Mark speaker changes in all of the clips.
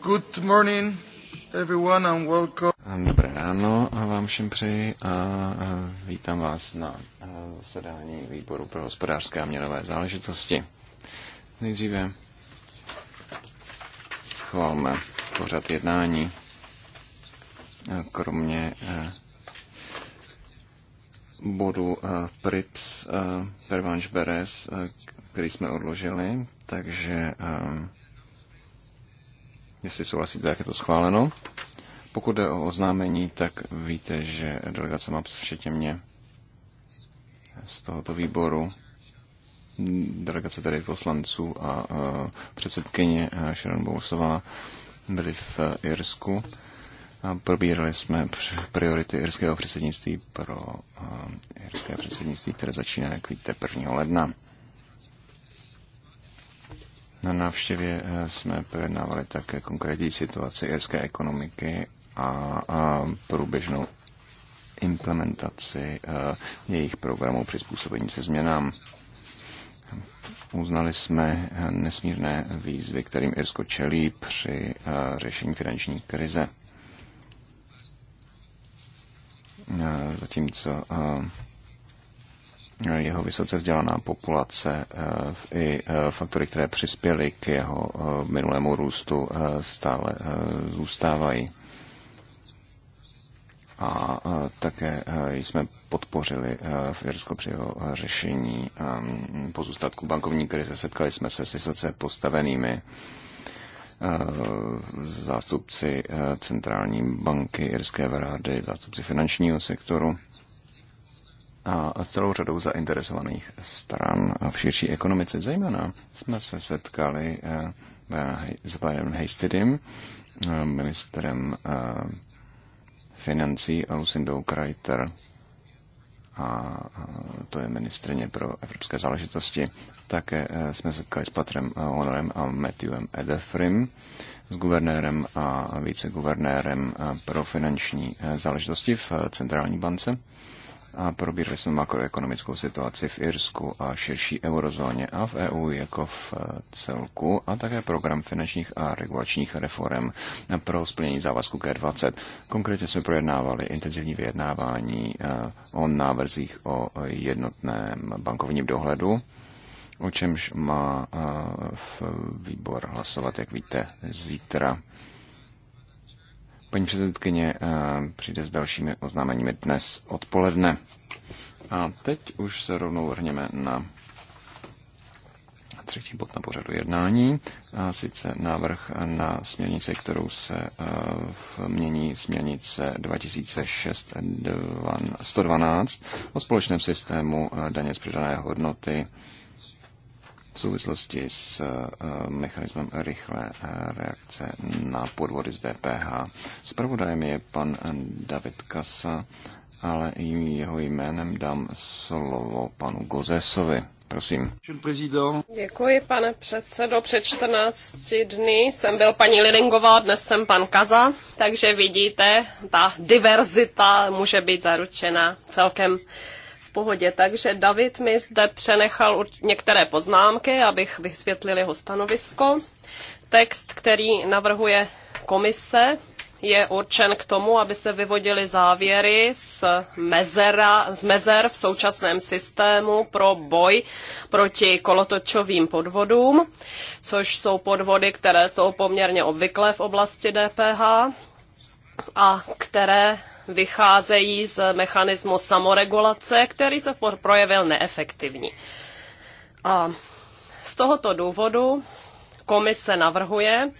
Speaker 1: Good morning, everyone, and welcome. Ehm, dobré ráno a vám všem přeji a vítám vás na e, zasedání výboru pro hospodářské a měnové záležitosti. Nejdříve schválme pořad jednání, e, kromě e, bodu eh, PRIPS eh, Pervanš Beres, eh, který jsme odložili, takže jestli souhlasíte, jak je to schváleno. Pokud jde o oznámení, tak víte, že delegace MAPS všetě mě z tohoto výboru, delegace tady poslanců a předsedkyně Sharon Bousová byly v Irsku probírali jsme priority irského předsednictví pro irské předsednictví, které začíná, jak víte, 1. ledna. Na návštěvě e, jsme projednávali také konkrétní situaci irské ekonomiky a, a průběžnou implementaci e, jejich programů přizpůsobení se změnám. Uznali jsme e, nesmírné výzvy, kterým Irsko čelí při řešení finanční krize. E, zatímco e, jeho vysoce vzdělaná populace e, i faktory, které přispěly k jeho minulému růstu, stále zůstávají. A také jsme podpořili v Jirsko při jeho řešení pozůstatku bankovní krize. Setkali jsme se s vysoce postavenými Eh, zástupci eh, centrální banky Irské vlády, zástupci finančního sektoru a celou řadou zainteresovaných stran v širší ekonomice. Zejména jsme se setkali eh, s Brianem Hastidym, ministrem financí a Lucindou Kreiter, a to je ministrně pro evropské záležitosti. Také eh, jsme setkali s Patrem eh, Honorem a Matthewem Edefrim, s guvernérem a viceguvernérem eh, pro finanční záležitosti v centrální bance a probírali jsme makroekonomickou situaci v Irsku a širší eurozóně a v EU jako v celku a také program finančních a regulačních reform pro splnění závazku G20. Konkrétně jsme projednávali intenzivní vyjednávání o návrzích o jednotném bankovním dohledu o čemž má v výbor hlasovat, jak víte, zítra. Paní předsedkyně přijde s dalšími oznámeními dnes odpoledne. A teď už se rovnou vrhneme na třetí bod na pořadu jednání, a sice návrh na směrnici, kterou se mění směrnice 2006-112 o společném systému daně z přidané hodnoty v souvislosti s eh, mechanismem rychlé eh, reakce na podvody z DPH. Zpravodajem je pan eh, David Kasa, ale jeho jménem dám slovo panu Gozesovi. Prosím.
Speaker 2: Děkuji, pane předsedo. Před 14 dny jsem byl paní Lidingová, dnes jsem pan Kaza, takže vidíte, ta diverzita může být zaručena celkem pohodě. Takže David mi zde přenechal některé poznámky, abych vysvětlil jeho stanovisko. Text, který navrhuje komise, je určen k tomu, aby se vyvodily závěry z, mezera, z mezer v současném systému pro boj proti kolotočovým podvodům, což jsou podvody, které jsou poměrně obvyklé v oblasti DPH a které vycházejí z mechanismu samoregulace, který se projevil neefektivní. A z tohoto důvodu komise navrhuje,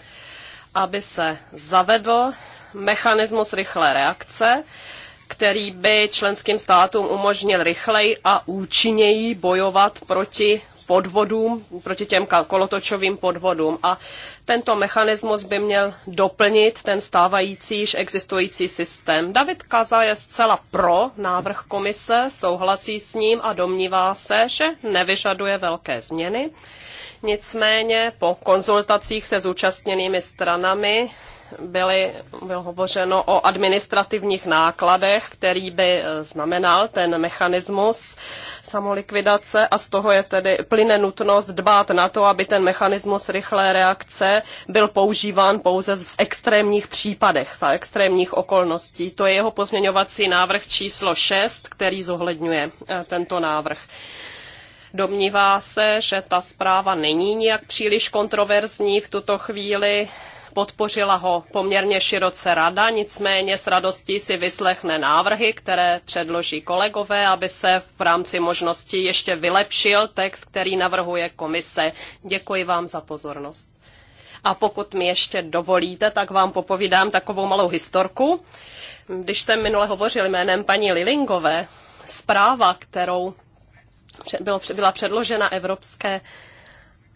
Speaker 2: aby se zavedl mechanismus rychlé reakce, který by členským státům umožnil rychleji a účinněji bojovat proti podvodům, proti těm kolotočovým podvodům. A tento mechanismus by měl doplnit ten stávající již existující systém. David Kaza je zcela pro návrh komise, souhlasí s ním a domnívá se, že nevyžaduje velké změny. Nicméně po konzultacích se zúčastněnými stranami byly, bylo hovořeno o administrativních nákladech, který by eh, znamenal ten mechanismus samolikvidace a z toho je tedy plyne nutnost dbát na to, aby ten mechanismus rychlé reakce byl používán pouze v extrémních případech, za extrémních okolností. To je jeho pozměňovací návrh číslo 6, který zohledňuje eh, tento návrh. Domnívá se, že ta zpráva není nijak příliš kontroverzní v tuto chvíli. Podpořila ho poměrně široce rada, nicméně s radostí si vyslechne návrhy, které předloží kolegové, aby se v rámci možností ještě vylepšil text, který navrhuje komise. Děkuji vám za pozornost. A pokud mi ještě dovolíte, tak vám popovídám takovou malou historku. Když jsem minule hovořil jménem paní Lilingové, zpráva, kterou byla předložena Evropské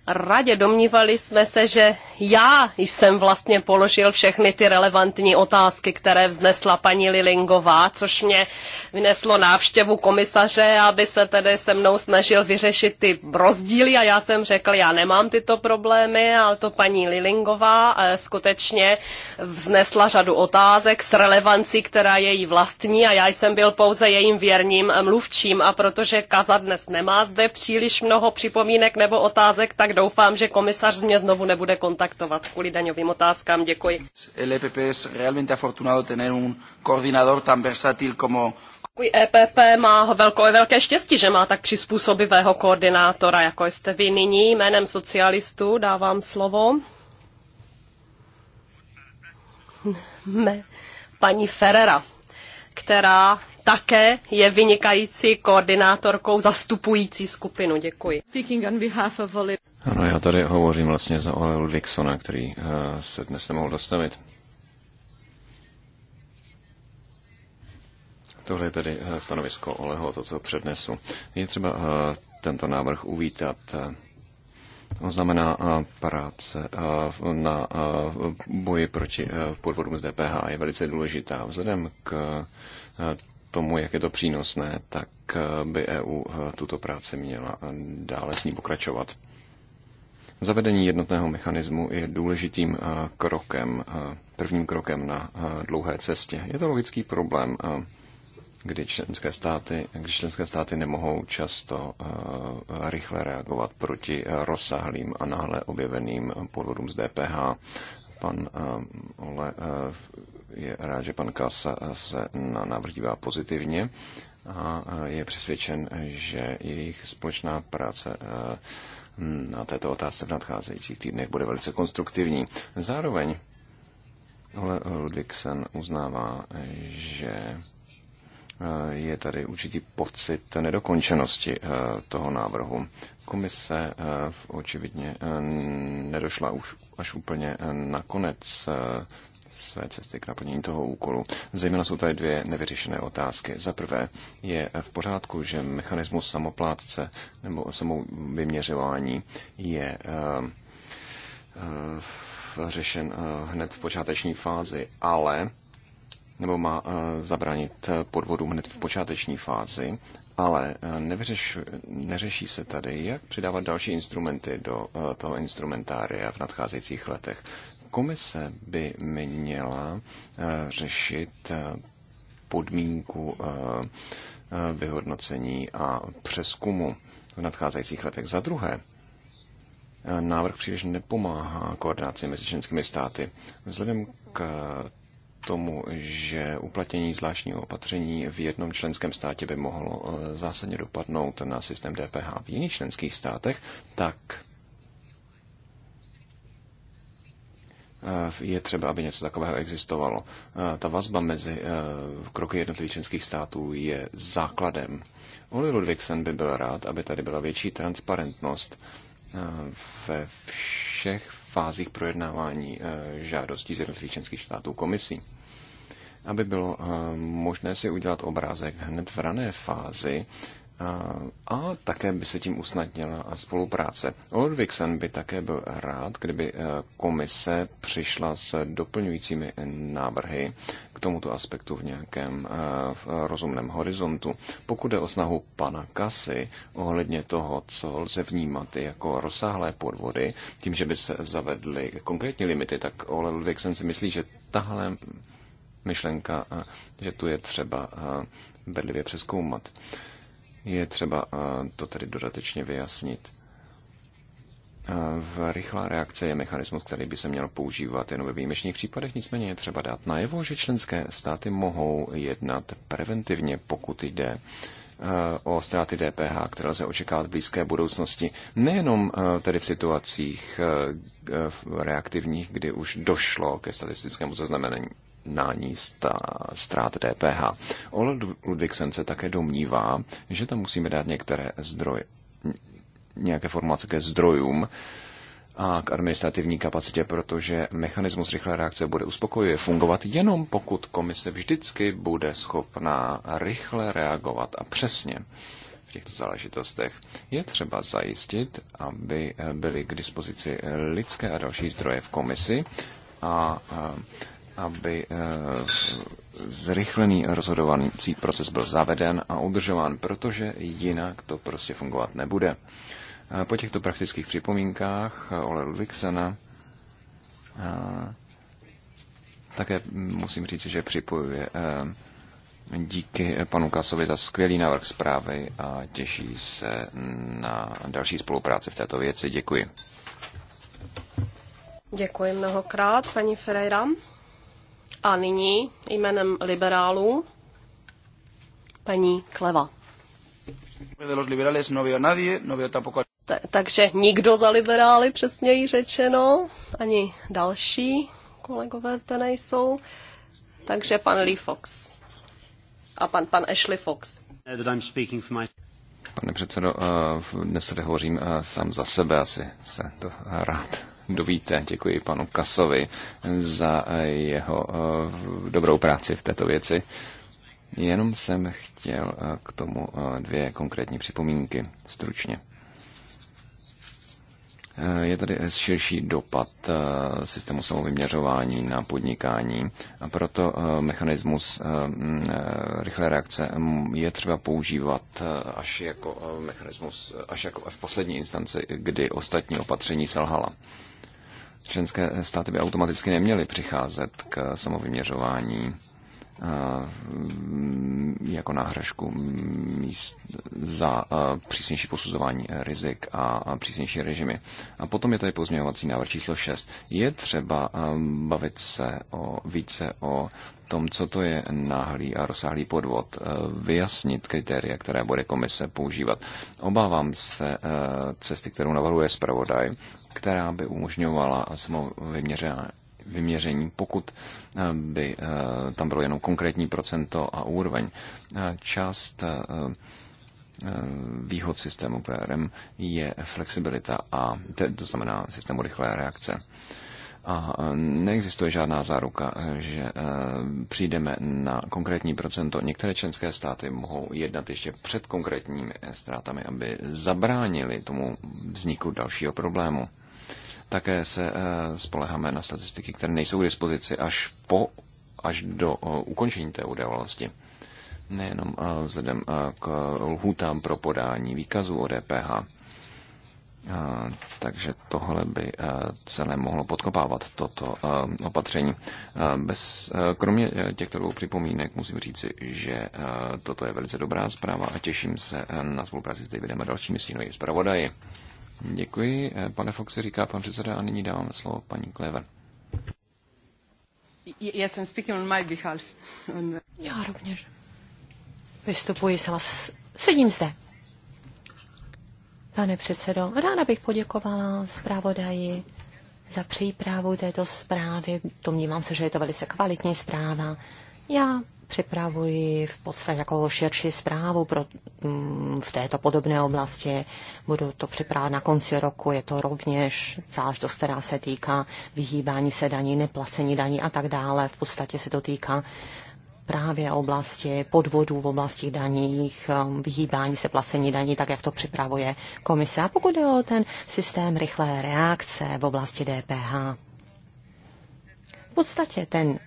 Speaker 2: radě. Domnívali jsme se, že já jsem vlastně položil všechny ty relevantní otázky, které vznesla paní Lilingová, což mě vyneslo návštěvu komisaře, aby se tedy se mnou snažil vyřešit ty rozdíly a já jsem řekl, já nemám tyto problémy, ale to paní Lilingová eh, skutečně vznesla řadu otázek s relevancí, která je její vlastní a já jsem byl pouze jejím věrným mluvčím a protože Kaza dnes nemá zde příliš mnoho připomínek nebo otázek, tak doufám, že komisař mě znovu nebude kontaktovat kvůli daňovým otázkám. Děkuji.
Speaker 1: LPP e EPP realmente afortunado tener un coordinador tan versátil como
Speaker 2: Děkuji. EPP má velko, velké štěstí, že má tak přizpůsobivého koordinátora, jako jste vy nyní. Jménem socialistů dávám slovo. Me, paní Ferrera která také je vynikající koordinátorkou zastupující skupinu. Děkuji.
Speaker 1: Ano, já tady hovořím vlastně za Ole Ludvigsona, který uh, se dnes nemohl dostavit. Tohle je tedy eh, stanovisko Oleho, to, co přednesu. Je třeba uh, tento návrh uvítat. Uh, to znamená práce na boji proti podvodům z DPH je velice důležitá. Vzhledem k tomu, jak je to přínosné, tak by EU tuto práci měla dále s ní pokračovat. Zavedení jednotného mechanismu je důležitým krokem, prvním krokem na dlouhé cestě. Je to logický problém kdy členské státy, když členské státy nemohou často eh, rychle reagovat proti eh, rozsáhlým a náhle objeveným podvodům z DPH. Pan eh, Ole je rád, že pan Kasa se na návrh dívá pozitivně a je přesvědčen, že jejich společná práce na této otázce v nadcházejících týdnech bude velice konstruktivní. Zároveň Ludvík Ludvigsen uznává, že je tady určitý pocit nedokončenosti eh, toho návrhu. Komise eh, očividně eh, nedošla už až úplně na konec své cesty k naplnění toho úkolu. Zejména jsou tady dvě nevyřešené otázky. Za prvé, je v pořádku, že mechanismus samoplátce nebo samou vyměřování je řešen hned v počáteční fázi, ale nebo má eh, zabránit eh, podvodům hned v počáteční fázi, ale eh, nevřeš, neřeší se tady, jak přidávat další instrumenty do toho instrumentária v nadcházejících letech. Komise by měla řešit podmínku vyhodnocení a přeskumu v nadcházejících letech. Za druhé, návrh příliš nepomáhá koordinaci mezi členskými státy. Vzhledem k tomu, že uplatnění zvláštního opatření v jednom členském státě by mohlo eh, zásadně dopadnout na systém DPH v jiných členských státech, tak eh, je třeba, aby něco takového existovalo. Eh, ta vazba mezi kroky jednotlivých členských států je základem. Oli Ludvigsen by byl rád, aby tady byla větší transparentnost ve všech fázích projednávání žádostí z jednotlivých členských států komisí aby bylo eh, možné si udělat obrázek hned v rané fázi eh, a také by se tím usnadnila spolupráce. Olvixen by také byl rád, kdyby eh, komise přišla s doplňujícími návrhy k tomuto aspektu v nějakém v rozumném horizontu. Pokud je o snahu pana Kasy ohledně toho, co lze vnímat jako rozsáhlé podvody, tím, že by se zavedly konkrétní limity, tak Olvixen si myslí, že tahle myšlenka, že tu je třeba bedlivě přeskoumat. Je třeba to tedy dodatečně vyjasnit. V rychlá reakce je mechanismus, který by se měl používat jen ve výjimečných případech, nicméně je třeba dát najevo, že členské státy mohou jednat preventivně, pokud jde o ztráty DPH, které lze očekávat v blízké budoucnosti. Nejenom tedy v situacích reaktivních, kdy už došlo ke statistickému zaznamenání jednání ztrát DPH. Ole Ludvigsen se také domnívá, že tam musíme dát některé zdroje, nějaké formace ke zdrojům a k administrativní kapacitě, protože mechanismus rychlé reakce bude uspokojivě fungovat jenom pokud komise vždycky bude schopná rychle reagovat a přesně v těchto záležitostech. Je třeba zajistit, aby byly k dispozici lidské a další zdroje v komisi a aby eh, zrychlený rozhodovací proces byl zaveden a udržován, protože jinak to prostě fungovat nebude. Eh, po těchto praktických připomínkách eh, Ole Ludvigsena také musím říct, že připojuje díky panu Kasovi za skvělý návrh zprávy a těší se na další spolupráci v této věci. Děkuji.
Speaker 2: Děkuji mnohokrát, paní Ferreira. A nyní jménem liberálů paní Kleva. Takže nikdo za liberály, přesněji řečeno, ani další kolegové zde nejsou. Takže pan Lee Fox a pan, pan Ashley Fox.
Speaker 1: Pane předsedo, eh, dnes se, hovořím eh, sám za sebe, asi se to rád dovíte. Děkuji panu Kasovi za jeho eh, dobrou práci v této věci. Jenom jsem chtěl eh, k tomu eh, dvě konkrétní připomínky stručně. Je tady širší dopad systému samovyměřování na podnikání a proto mechanismus mm, rychlé reakce mm, je třeba používat až jako mechanismus, až jako v poslední instanci, kdy ostatní opatření selhala. Členské státy by automaticky neměly přicházet k samovyměřování eh, jako náhražku míst za eh, přísnější posuzování rizik a přísnější režimy. A potom je tady pozměňovací návrh číslo 6. Je třeba eh, bavit se o, více o tom, co to je náhlý a rozsáhlý podvod, eh, vyjasnit kritéria, které bude komise používat. Obávám se eh, cesty, kterou navrhuje zpravodaj, která by umožňovala vyměřené vyměření, pokud eh, by tam bylo jenom konkrétní procento a úroveň. Část výhod systému PRM je flexibilita a to znamená systému rychlé reakce a neexistuje žádná záruka, že e, přijdeme na konkrétní procento. Některé členské státy mohou jednat ještě před konkrétními ztrátami, aby zabránili tomu vzniku dalšího problému. Také se e, spoleháme na statistiky, které nejsou k dispozici až po až do e, ukončení té události. Nejenom vzhledem k lhůtám pro podání výkazů o DPH. A, takže tohle by celé mohlo podkopávat toto a, opatření. A bez, kromě e, těchto dvou připomínek musím říci, že toto je velice dobrá zpráva a těším se na spolupráci s Davidem a dalšími stínovými zpravodaji. Děkuji, pane Foxy, říká pan předseda a nyní dávám slovo paní Klever.
Speaker 3: Já jsem speaking on my
Speaker 2: behalf.
Speaker 4: Já rovněž. Vystupuji se vás. Sedím zde Pane předsedo, ráda bych poděkovala zpravodaji za přípravu této zprávy. Domnívám se, že je to velice kvalitní zpráva. Já připravuji v podstatě jako širší zprávu pro, mm, v této podobné oblasti. Budu to připravovat na konci roku. Je to rovněž záležitost, která se týká vyhýbání se daní, neplacení daní a tak dále. V podstatě se to týká právě oblasti podvodů v oblasti daních, um, vyhýbání se placení daní, tak jak to připravuje komise. A pokud je o ten systém rychlé reakce v oblasti DPH, v podstatě ten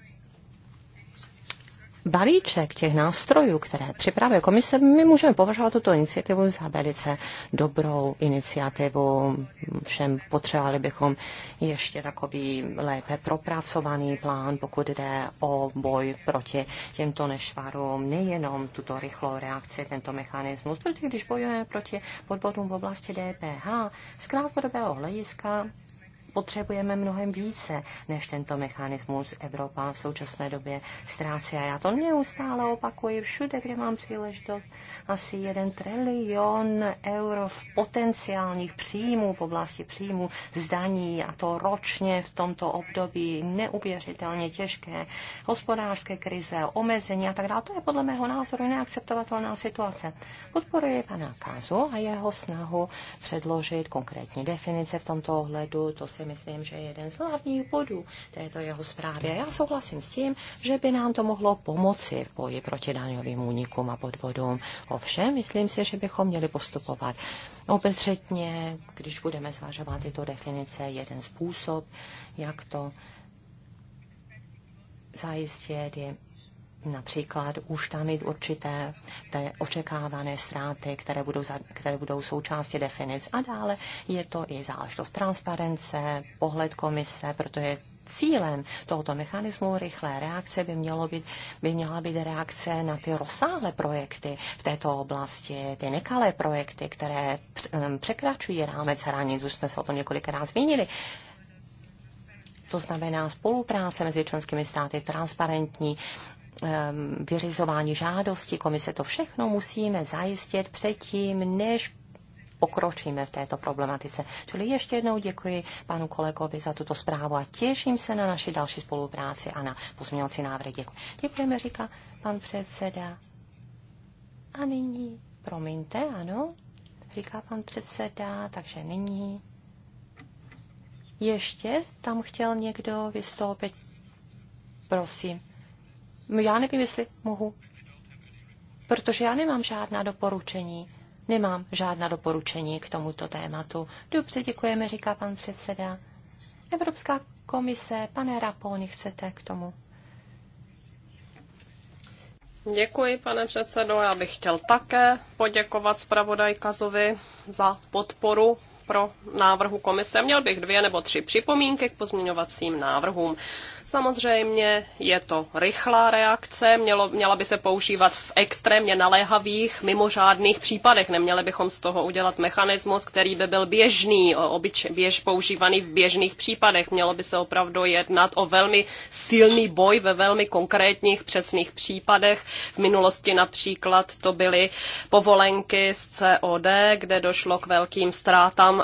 Speaker 4: balíček těch nástrojů, které připravuje komise, my můžeme považovat tuto iniciativu za velice dobrou iniciativu. Všem potřebovali bychom ještě takový lépe propracovaný plán, pokud jde o boj proti těmto nešvarům, nejenom tuto rychlou reakci, tento mechanismus, protože když bojujeme proti podvodům v oblasti DPH, z krátkodobého hlediska potřebujeme mnohem více než tento mechanismus. Evropa v současné době ztrácí a já to neustále opakuji všude, kde mám příležitost. Asi jeden trilion euro v potenciálních příjmů v oblasti příjmů zdaní a to ročně v tomto období neuvěřitelně těžké hospodářské krize, omezení a tak dále. To je podle mého názoru neakceptovatelná situace. Podporuji pana Kazu a jeho snahu předložit konkrétní definice v tomto ohledu. To si si myslím, že je jeden z hlavních bodů této jeho zprávy. A já souhlasím s tím, že by nám to mohlo pomoci v boji proti daňovým únikům a podvodům. Ovšem, myslím si, že bychom měli postupovat obezřetně, když budeme zvažovat tyto definice, jeden způsob, jak to zajistit, je například už tam mít určité té očekávané ztráty, které budou, za, které budou součástí definic. A dále je to i záležitost transparence, pohled komise, protože cílem tohoto mechanismu rychlé reakce by, mělo být, by měla být reakce na ty rozsáhlé projekty v této oblasti, ty nekalé projekty, které ehm, překračují rámec hranic, už jsme se o tom několikrát zmínili. To znamená spolupráce mezi členskými státy, transparentní Ehm, vyřizování žádosti komise, to všechno musíme zajistit předtím, než pokročíme v této problematice. Čili ještě jednou děkuji panu kolegovi za tuto zprávu a těším se na naši další spolupráci a na pozměňovací návrhy. Děkuji. Děkujeme, říká pan předseda. A nyní, promiňte, ano, říká pan předseda, takže nyní. Ještě tam chtěl někdo vystoupit. Prosím. No, já nevím, jestli mohu, protože já nemám žádná doporučení. Nemám žádná doporučení k tomuto tématu. Dobře, děkujeme, říká pan předseda. Evropská komise, pane Raponi, chcete k tomu?
Speaker 2: Děkuji, pane předsedo. Já bych chtěl také poděkovat zpravodajkazovi za podporu pro návrhu komise. Měl bych dvě nebo tři připomínky k pozměňovacím návrhům. Samozřejmě je to rychlá reakce, mělo, měla by se používat v extrémně naléhavých, mimořádných případech. Neměli bychom z toho udělat mechanismus, který by byl běžný, obyč, běž, používaný v běžných případech. Mělo by se opravdu jednat o velmi silný boj ve velmi konkrétních, přesných případech. V minulosti například to byly povolenky z COD, kde došlo k velkým ztrátám e,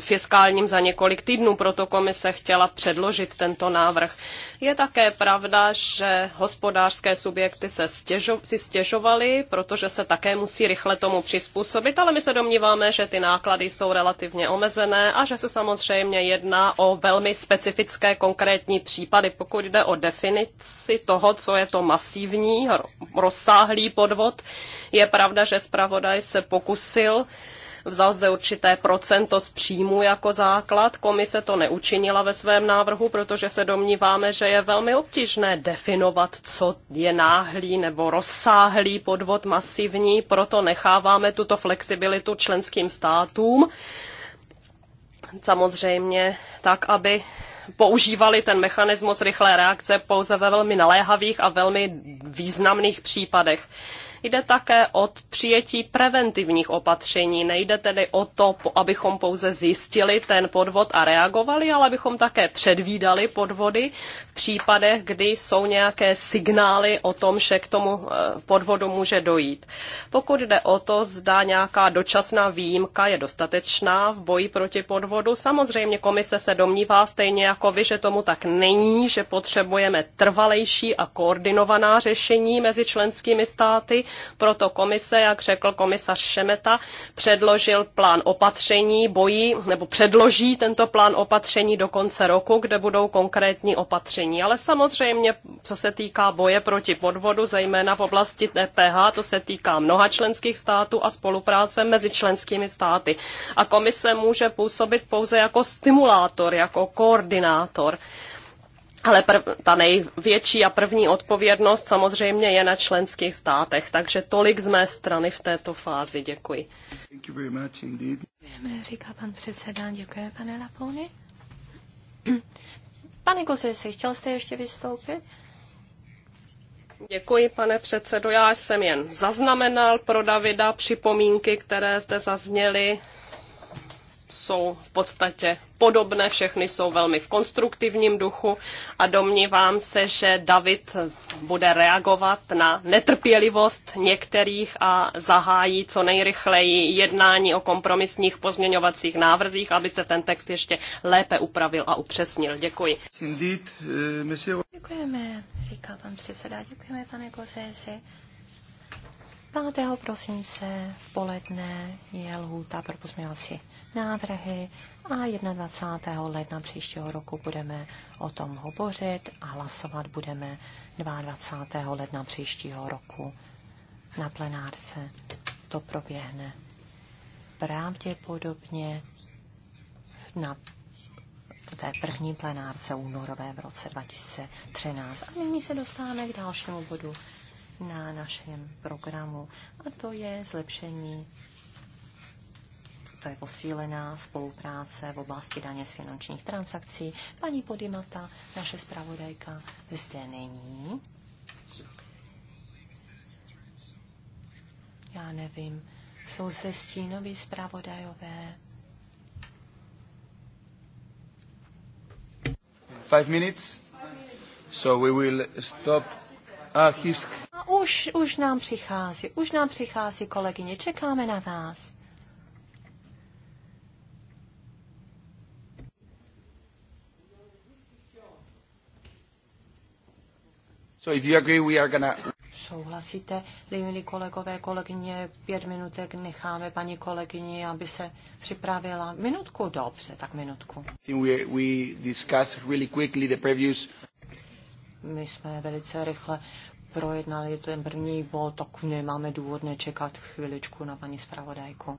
Speaker 2: fiskálním za několik týdnů, proto komise chtěla předložit tento návrh. Je také pravda, že hospodářské subjekty se stěžo, si stěžovaly, protože se také musí rychle tomu přizpůsobit, ale my se domníváme, že ty náklady jsou relativně omezené a že se samozřejmě jedná o velmi specifické konkrétní případy, pokud jde o definici toho, co je to masivní, rozsáhlý podvod. Je pravda, že zpravodaj se pokusil vzal zde určité procento z příjmu jako základ. Komise to neučinila ve svém návrhu, protože se domníváme, že je velmi obtížné definovat, co je náhlý nebo rozsáhlý podvod masivní, proto necháváme tuto flexibilitu členským státům. Samozřejmě tak, aby používali ten mechanismus rychlé reakce pouze ve velmi naléhavých a velmi významných případech. Jde také od přijetí preventivních opatření. Nejde tedy o to, abychom pouze zjistili ten podvod a reagovali, ale abychom také předvídali podvody, případech, kdy jsou nějaké signály o tom, že k tomu eh, podvodu může dojít. Pokud jde o to, zda nějaká dočasná výjimka je dostatečná v boji proti podvodu, samozřejmě komise se domnívá stejně jako vy, že tomu tak není, že potřebujeme trvalejší a koordinovaná řešení mezi členskými státy. Proto komise, jak řekl komisař Šemeta, předložil plán opatření boji, nebo předloží tento plán opatření do konce roku, kde budou konkrétní opatření opatření. Ale samozřejmě, co se týká boje proti podvodu, zejména v oblasti DPH, to se týká mnoha členských států a spolupráce mezi členskými státy. A komise může působit pouze jako stimulátor, jako koordinátor. Ale prv, ta největší a první odpovědnost samozřejmě je na členských státech, takže tolik z mé strany v této fázi. Děkuji.
Speaker 1: Děkujeme,
Speaker 4: říká pan předseda. Děkujeme, pane Lapouny. Pane Kozisi, chtěl jste ještě vystoupit?
Speaker 2: Děkuji, pane předsedo. Já jsem jen zaznamenal pro Davida připomínky, které zde zazněly jsou v podstatě podobné, všechny jsou velmi v konstruktivním duchu a domnívám se, že David bude reagovat na netrpělivost některých a zahájí co nejrychleji jednání o kompromisních pozměňovacích návrzích, aby se ten text ještě lépe upravil a upřesnil. Děkuji.
Speaker 3: Eh,
Speaker 4: Děkujeme, říká pan předseda. Děkujeme, pane Kozézi. 5. prosince v poledne je lhůta pro pozměňovací návrhy a 21. ledna příštího roku budeme o tom hovořit a hlasovat budeme 22. ledna příštího roku na plenárce. To proběhne pravděpodobně na té první plenárce únorové v roce 2013. A nyní se dostáváme k dalšímu bodu na našem programu a to je zlepšení to je posílená spolupráce v oblasti daně z finančních transakcí. Paní Podimata, naše zpravodajka, zde není. Já nevím, jsou zde stínoví zpravodajové.
Speaker 1: Five minutes. So we will stop his.
Speaker 4: Ah, už, už nám přichází, už nám přichází kolegyně, čekáme na vás.
Speaker 1: So if you agree, we are gonna...
Speaker 4: Souhlasíte, milí kolegové, kolegyně, pět minutek necháme paní kolegyni, aby se připravila. Minutku, dobře, tak minutku.
Speaker 1: We, we really quickly the previous... My jsme velice rychle
Speaker 4: projednali ten první bod, tak nemáme důvod nečekat chviličku na paní zpravodajku.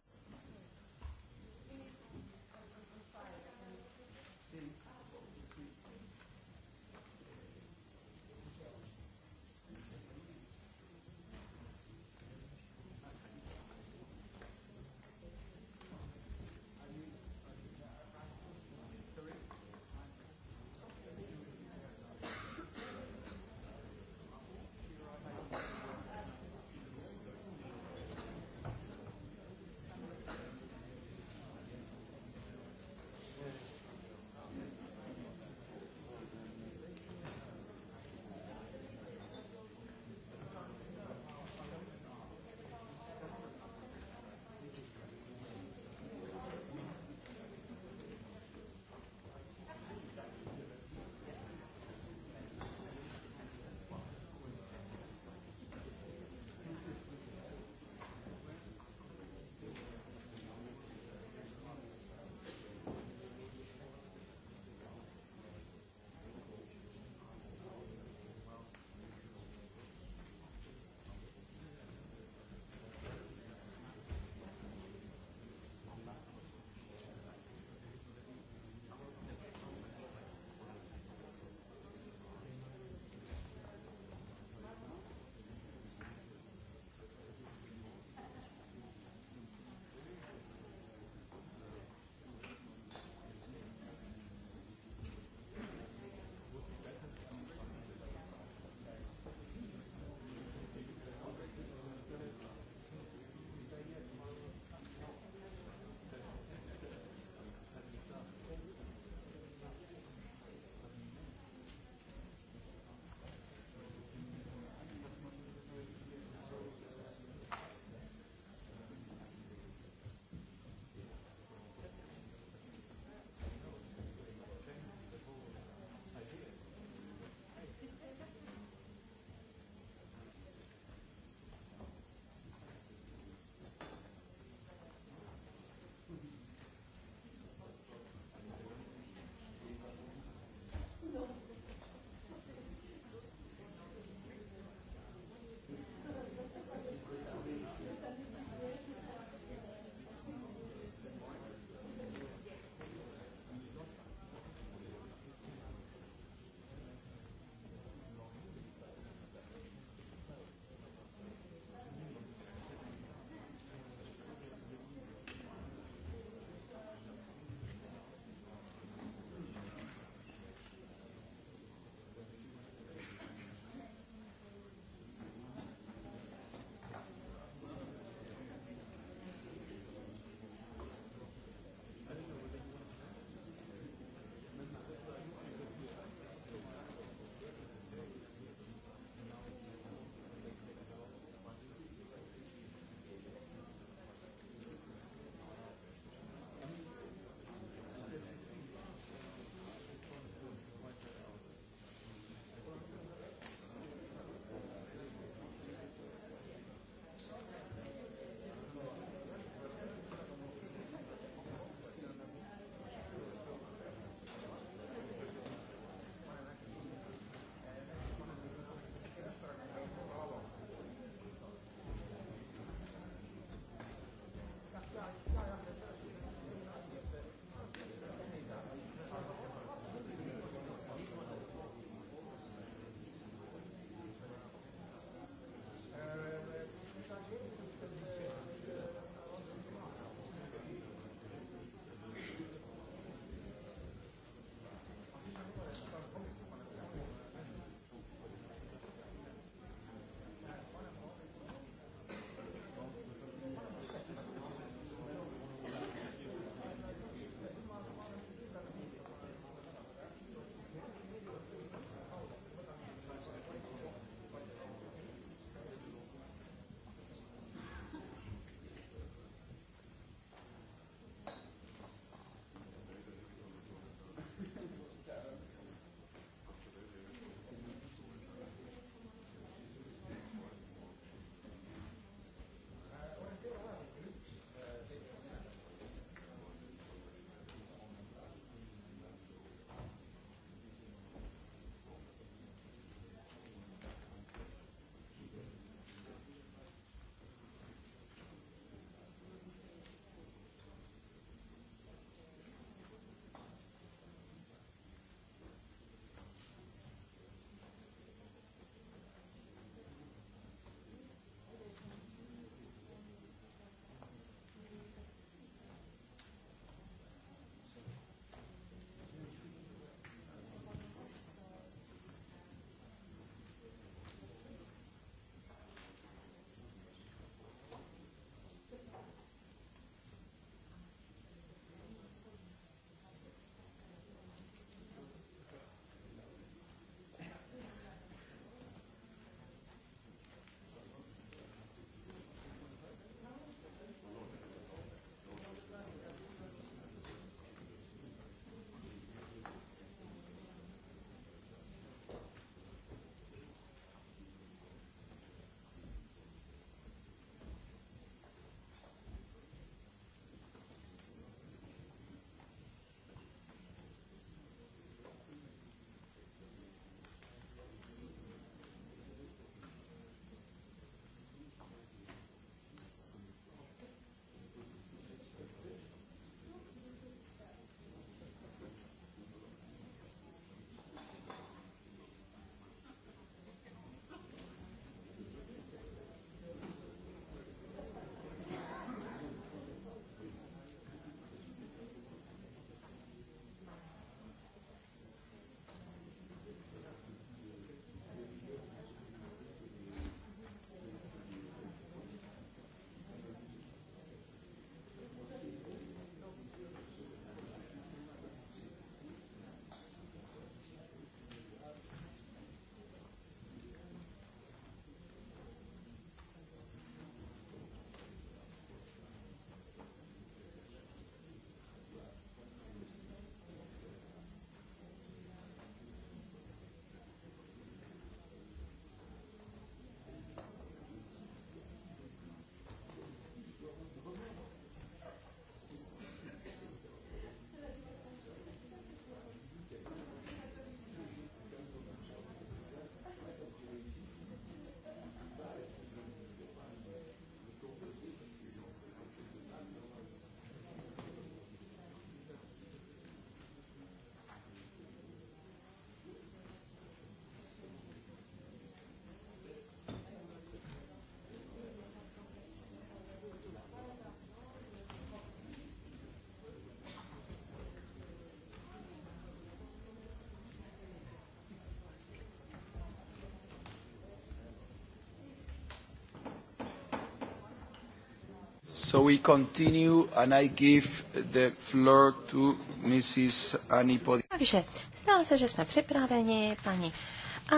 Speaker 1: So we continue and I give the floor to Mrs. Annie Podimata.
Speaker 4: Takže zdá se, že jsme připraveni. Paní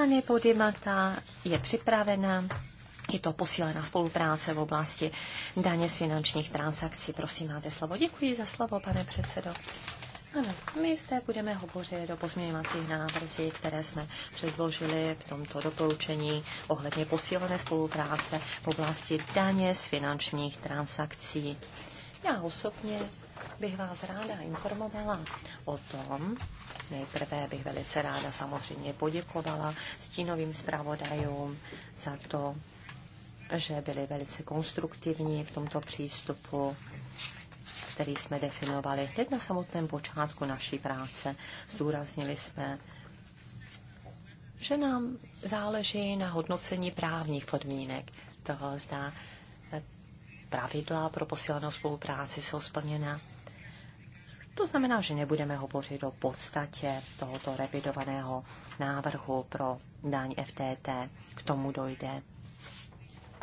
Speaker 4: Annie Podimata je připravena. Je to posílená spolupráce v oblasti daně z finančních transakcí. Prosím, máte slovo. Děkuji za slovo, pane předsedo. Ano, my zde budeme hovořit o pozměňovacích návrzích, které jsme předložili v tomto doporučení ohledně posílené spolupráce v oblasti daně z finančních transakcí. Já osobně bych vás ráda informovala o tom, Nejprve bych velice ráda samozřejmě poděkovala stínovým zpravodajům za to, že byli velice konstruktivní v tomto přístupu který jsme definovali hned na samotném počátku naší práce. Zdůraznili jsme, že nám záleží na hodnocení právních podmínek toho, zda pravidla pro posílenou spolupráci jsou splněna. To znamená, že nebudeme hovořit o podstatě tohoto revidovaného návrhu pro daň FTT. K tomu dojde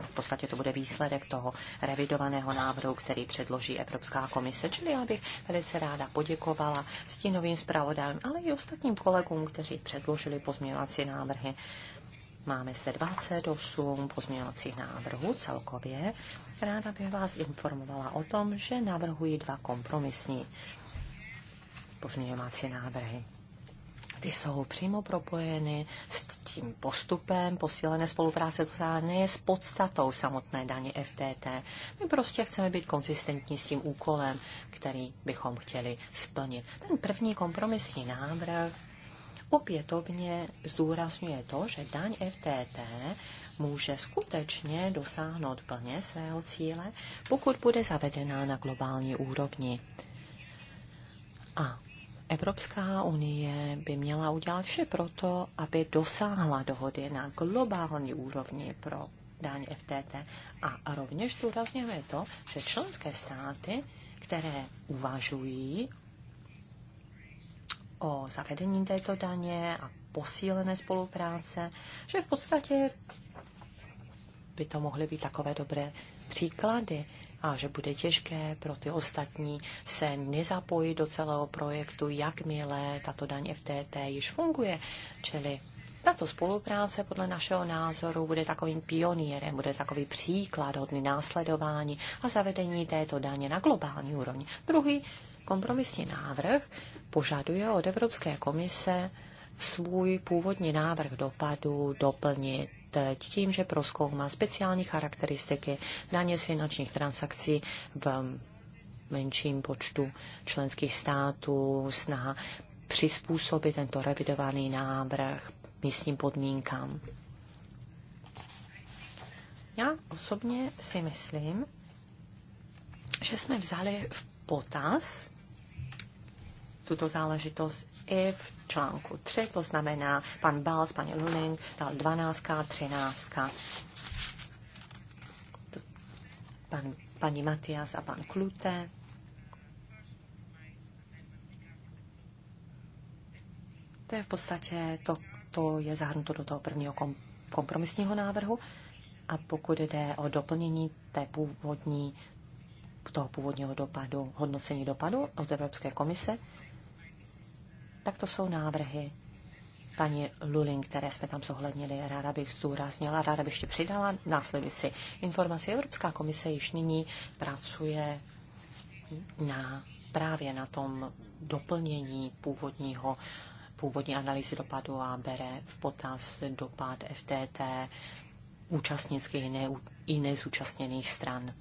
Speaker 4: v podstatě to bude výsledek toho revidovaného návrhu, který předloží Evropská komise. Čili já bych velice ráda poděkovala stínovým zpravodajům, ale i ostatním kolegům, kteří předložili pozměňovací návrhy. Máme zde 28 pozměňovacích návrhů celkově. Ráda bych vás informovala o tom, že navrhuji dva kompromisní pozměňovací návrhy ty jsou přímo propojeny s tím postupem posílené spolupráce, to znamená s podstatou samotné daně FTT. My prostě chceme být konzistentní s tím úkolem, který bychom chtěli splnit. Ten první kompromisní návrh opětovně zdůrazňuje to, že daň FTT může skutečně dosáhnout plně svého cíle, pokud bude zavedená na globální úrovni. A Evropská unie by měla udělat vše proto, aby dosáhla dohody na globální úrovni pro daň FTT. A rovněž důrazněme to, že členské státy, které uvažují o zavedení této daně a posílené spolupráce, že v podstatě by to mohly být takové dobré příklady a že bude těžké pro ty ostatní se nezapojit do celého projektu, jakmile tato daň FTT již funguje. Čili tato spolupráce podle našeho názoru bude takovým pionýrem, bude takový příklad hodný následování a zavedení této daně na globální úrovni. Druhý kompromisní návrh požaduje od Evropské komise svůj původní návrh dopadu doplnit teď tím, že proskoumá speciální charakteristiky daně z finančních transakcí v menším počtu členských států, snaha přizpůsobit tento revidovaný návrh místním podmínkám. Já osobně si myslím, že jsme vzali v potaz tuto záležitost i v článku 3, to znamená pan Balc, paní Luning, dal 12, 13. Pan, paní Matias a pan Klute. To je v podstatě, to, to je zahrnuto do toho prvního kom, kompromisního návrhu. A pokud jde o doplnění té původní, toho původního dopadu, hodnocení dopadu od Evropské komise, tak to jsou návrhy paní Lulin, které jsme tam zohlednili. Ráda bych zdůraznila, ráda bych ještě přidala následující informaci. Evropská komise již nyní pracuje na, právě na tom doplnění původního původní analýzy dopadu a bere v potaz dopad FTT účastnických i, ne, i nezúčastněných stran,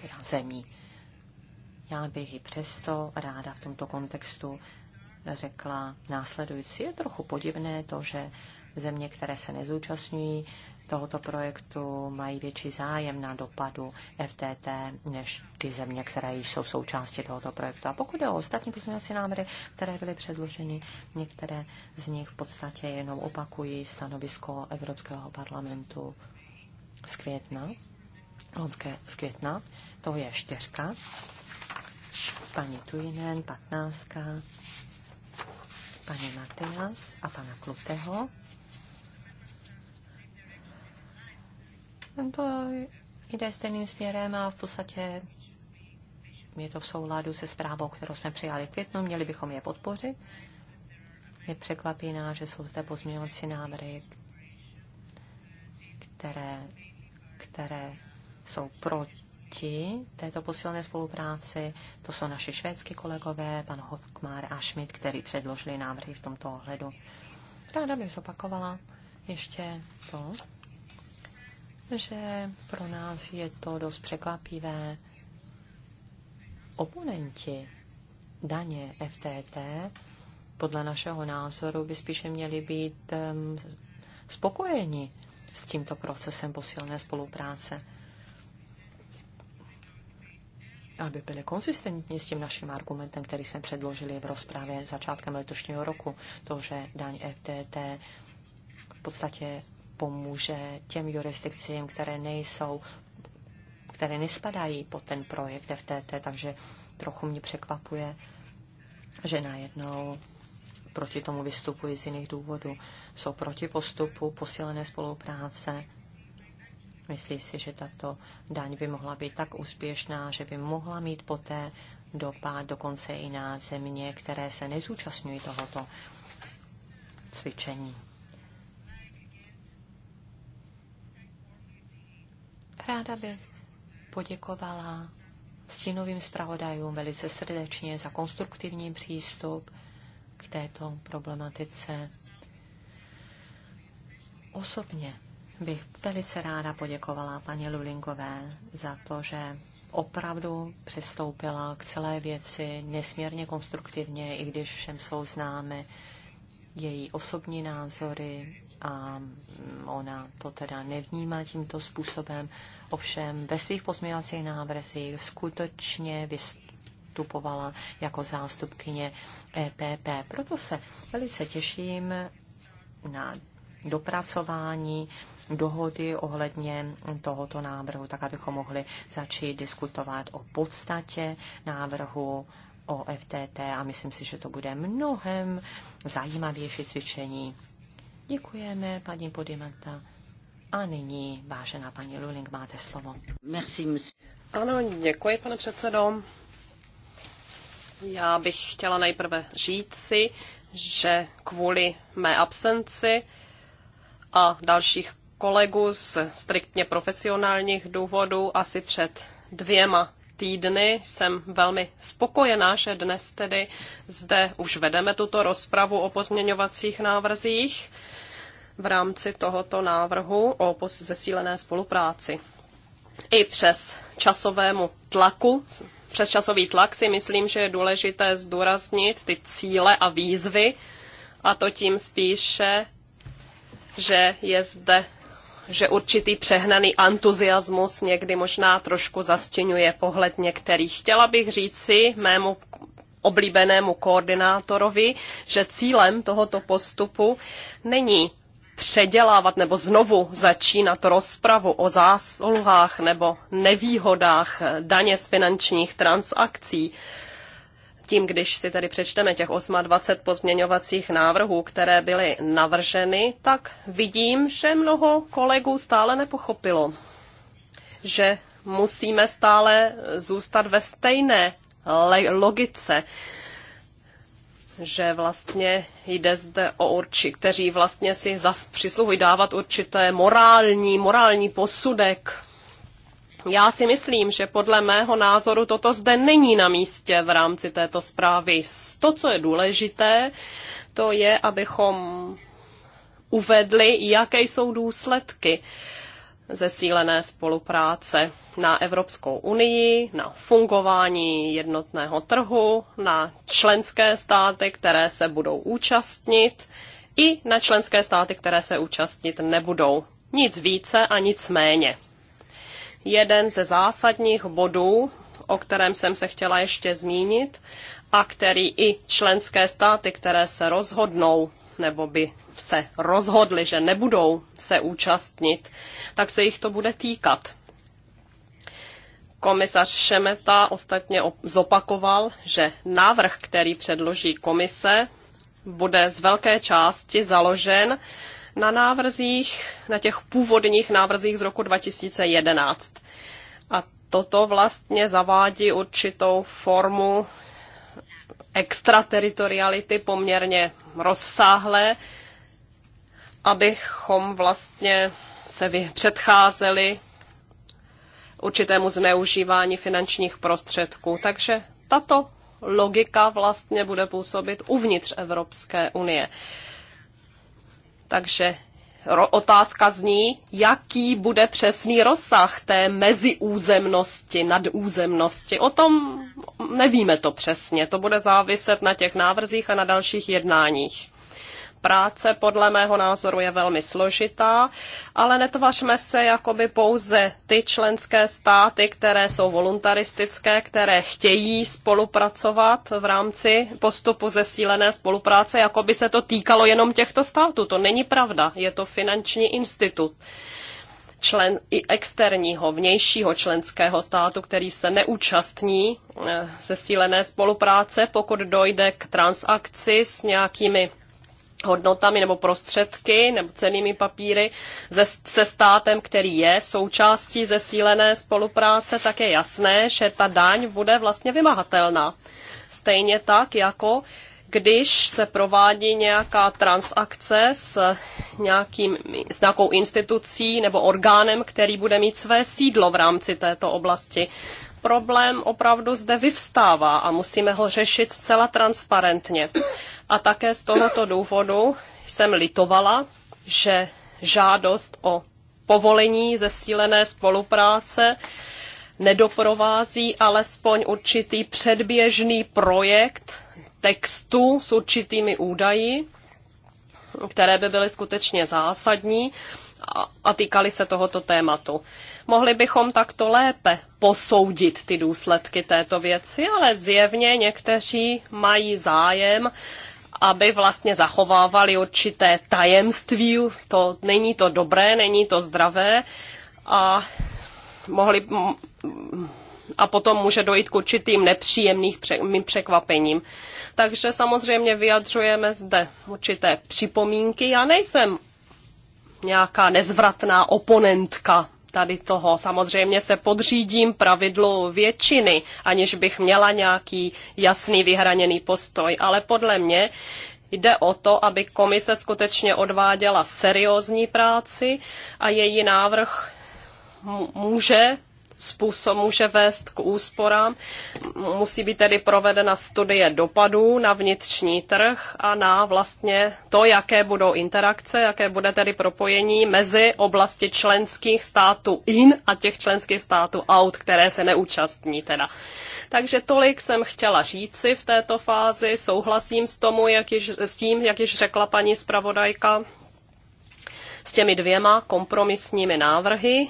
Speaker 4: teda zemí. Já bych i přesto ráda v tomto kontextu řekla následující. Je trochu podivné to, že země, které se nezúčastňují tohoto projektu, mají větší zájem na dopadu FTT než ty země, které již jsou součástí tohoto projektu. A pokud je o ostatní pozměňovací návrhy, které byly předloženy, některé z nich v podstatě jenom opakují stanovisko Evropského parlamentu z května, lonské z května. To je čtyřka, paní Tujinen, patnáctka, pana Matea a pana Kluteho. To jde stejným směrem a v podstatě je to v souladu se zprávou, kterou jsme přijali v květnu. Měli bychom je podpořit. Mě překvapí nás, že jsou zde pozměňovací návrhy, které, které jsou proti proti této posilné spolupráci. To jsou naši švédské kolegové, pan Hotkmar a Schmidt, který předložili návrhy v tomto ohledu. Ráda bych zopakovala ještě to, že pro nás je to dost překvapivé. Oponenti daně FTT podle našeho názoru by spíše měli být ehm, spokojeni s tímto procesem posilné spolupráce aby byly konzistentní s tím naším argumentem, který jsme předložili v rozpravě začátkem letošního roku, to, že daň FTT e v podstatě pomůže těm jurisdikcím, které nejsou, které nespadají pod ten projekt FTT, takže trochu mě překvapuje, že najednou proti tomu vystupují z jiných důvodů. Jsou proti postupu posílené spolupráce Myslí si, že tato daň by mohla být tak úspěšná, že by mohla mít poté dopad dokonce i na země, které se nezúčastňují tohoto cvičení. Ráda bych poděkovala stínovým zpravodajům velice srdečně za konstruktivní přístup k této problematice. Osobně bych velice ráda poděkovala paní Lulinkové za to, že opravdu přistoupila k celé věci nesmírně konstruktivně, i když všem jsou známe její osobní názory a ona to teda nevnímá tímto způsobem. Ovšem ve svých pozměňovacích návrzích skutečně vystupovala jako zástupkyně EPP. Proto se velice těším na dopracování dohody ohledně tohoto návrhu, tak abychom mohli začít diskutovat o podstatě návrhu o FTT a myslím si, že to bude mnohem zajímavější cvičení. Děkujeme, paní Podimata. A nyní, vážená paní Luling, máte slovo. Merci, ano, děkuji, pane předsedo.
Speaker 2: Já bych chtěla nejprve říci, že kvůli mé absenci a dalších kolegu z striktně profesionálních důvodů asi před dvěma týdny. Jsem velmi spokojená, že dnes tedy zde už vedeme tuto rozpravu o pozměňovacích návrzích v rámci tohoto návrhu o zesílené spolupráci. I přes časovému tlaku, přes časový tlak si myslím, že je důležité zdůraznit ty cíle a výzvy, a to tím spíše, že je zde že určitý přehnaný entuziasmus někdy možná trošku zastěňuje pohled některých. Chtěla bych říci mému oblíbenému koordinátorovi, že cílem tohoto postupu není předělávat nebo znovu začínat rozpravu o zásluhách nebo nevýhodách daně z finančních transakcí tím, když si tady přečteme těch 28 pozměňovacích návrhů, které byly navrženy, tak vidím, že mnoho kolegů stále nepochopilo, že musíme stále zůstat ve stejné logice, že vlastně jde zde o urči, kteří vlastně si zas přisluhují dávat určité morální, morální posudek já si myslím, že podle mého názoru toto zde není na místě v rámci této zprávy. To, co je důležité, to je, abychom uvedli, jaké jsou důsledky zesílené spolupráce na Evropskou unii, na fungování jednotného trhu, na členské státy, které se budou účastnit, i na členské státy, které se účastnit nebudou. Nic více a nic méně jeden ze zásadních bodů, o kterém jsem se chtěla ještě zmínit a který i členské státy, které se rozhodnou nebo by se rozhodly, že nebudou se účastnit, tak se jich to bude týkat. Komisař Šemeta ostatně zopakoval, že návrh, který předloží komise, bude z velké části založen na návrzích, na těch původních návrzích z roku 2011. A toto vlastně zavádí určitou formu extrateritoriality poměrně rozsáhlé, abychom vlastně se předcházeli určitému zneužívání finančních prostředků. Takže tato logika vlastně bude působit uvnitř Evropské unie. Takže otázka zní, jaký bude přesný rozsah té meziúzemnosti, nadúzemnosti. O tom nevíme to přesně. To bude záviset na těch návrzích a na dalších jednáních práce podle mého názoru je velmi složitá, ale netvařme se jakoby pouze ty členské státy, které jsou voluntaristické, které chtějí spolupracovat v rámci postupu zesílené spolupráce, jako by se to týkalo jenom těchto států. To není pravda, je to finanční institut člen, i externího, vnějšího členského státu, který se neúčastní eh, zesílené spolupráce, pokud dojde k transakci s nějakými hodnotami nebo prostředky nebo cenými papíry se, se státem, který je součástí zesílené spolupráce, tak je jasné, že ta daň bude vlastně vymahatelná. Stejně tak jako když se provádí nějaká transakce s, nějakým, s nějakou institucí nebo orgánem, který bude mít své sídlo v rámci této oblasti problém opravdu zde vyvstává a musíme ho řešit zcela transparentně. A také z tohoto důvodu jsem litovala, že žádost o povolení zesílené spolupráce nedoprovází alespoň určitý předběžný projekt textu s určitými údaji, které by byly skutečně zásadní a týkaly se tohoto tématu. Mohli bychom takto lépe posoudit ty důsledky této věci, ale zjevně někteří mají zájem aby vlastně zachovávali určité tajemství. To není to dobré, není to zdravé a mohli a potom může dojít k určitým nepříjemným překvapením. Takže samozřejmě vyjadřujeme zde určité připomínky. Já nejsem nějaká nezvratná oponentka tady toho. Samozřejmě se podřídím pravidlu většiny, aniž bych měla nějaký jasný vyhraněný postoj, ale podle mě Jde o to, aby komise skutečně odváděla seriózní práci a její návrh může způsob může vést k úsporám. Musí být tedy provedena studie dopadů na vnitřní trh a na vlastně to, jaké budou interakce, jaké bude tedy propojení mezi oblasti členských států in a těch členských států out, které se neúčastní teda. Takže tolik jsem chtěla říci v této fázi. Souhlasím s, tomu, jak již, s tím, jak již řekla paní zpravodajka, s těmi dvěma kompromisními návrhy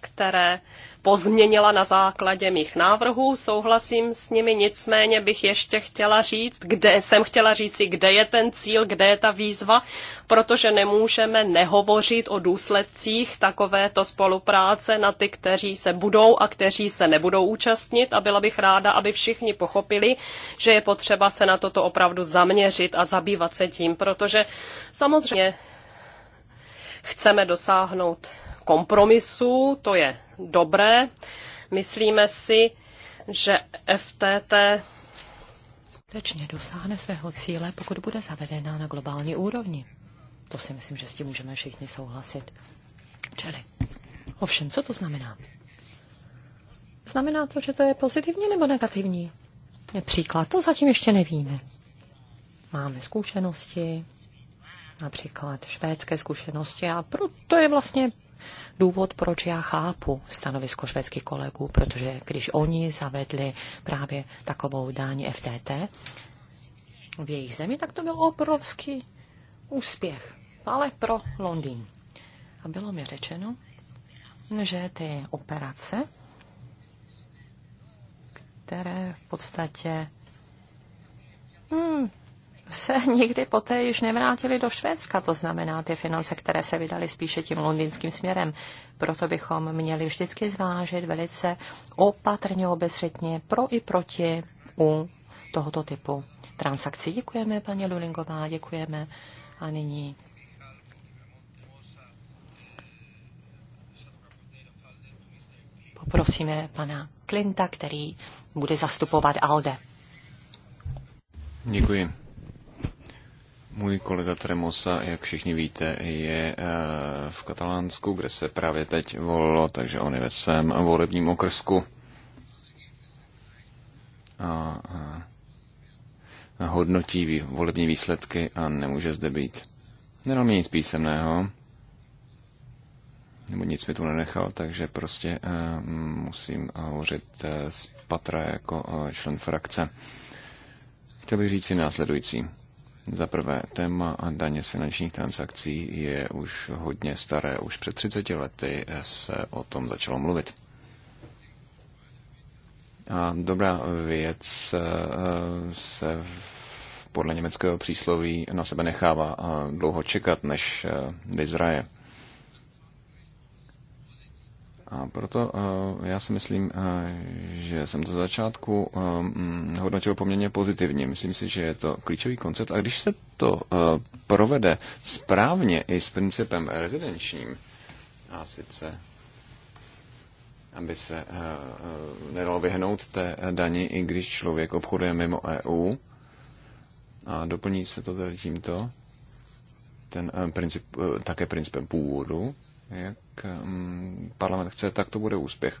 Speaker 2: které pozměnila na základě mých návrhů. Souhlasím s nimi, nicméně bych ještě chtěla říct, kde jsem chtěla říct, kde je ten cíl, kde je ta výzva, protože nemůžeme nehovořit o důsledcích takovéto spolupráce na ty, kteří se budou a kteří se nebudou účastnit a byla bych ráda, aby všichni pochopili, že je potřeba se na toto opravdu zaměřit a zabývat se tím, protože samozřejmě chceme dosáhnout kompromisu, to je dobré. Myslíme si,
Speaker 4: že FTT skutečně dosáhne svého cíle, pokud bude zavedena na globální úrovni. To si myslím, že s tím můžeme všichni souhlasit. Čili. Ovšem, co to znamená? Znamená to, že to je pozitivní nebo negativní? Příklad, to zatím ještě nevíme. Máme zkušenosti, například švédské zkušenosti a proto je vlastně důvod, proč já chápu stanovisko švédských kolegů, protože když oni zavedli právě takovou dáň FTT v jejich zemi, tak to byl obrovský úspěch, ale pro Londýn. A bylo mi řečeno, že ty operace, které v podstatě hmm, se nikdy poté již nevrátili do Švédska, to znamená ty finance, které se vydaly spíše tím londýnským směrem. Proto bychom měli vždycky zvážit velice opatrně, obezřetně pro i proti u tohoto typu transakcí. Děkujeme, paní Lulingová, děkujeme. A nyní poprosíme pana Klinta, který bude zastupovat ALDE.
Speaker 1: Děkuji. Můj kolega Tremosa, jak všichni víte, je eh, v Katalánsku, kde se právě teď volilo, takže on je ve svém volebním okrsku. A, eh, hodnotí volební výsledky a nemůže zde být. Nedal mi nic písemného, nebo nic mi tu nenechal, takže prostě eh, musím hovořit z patra jako člen frakce. Chtěl bych říct si následující. Za prvé, téma daně z finančních transakcí je už hodně staré. Už před 30 lety se o tom začalo mluvit. A dobrá věc eh, se podle německého přísloví na sebe nechává eh, dlouho čekat, než eh, vyzraje. A proto eh, já si myslím, eh, že jsem to začátku eh, mm, hodnotil poměrně pozitivně. Myslím si, že je to klíčový koncept. A když se to provede správně i s principem rezidenčním, a sice aby se nedalo vyhnout té dani, i když člověk obchoduje mimo EU, a doplní se to tedy tímto, ten princip, také principem původu, jak mm, parlament chce, tak to bude úspěch.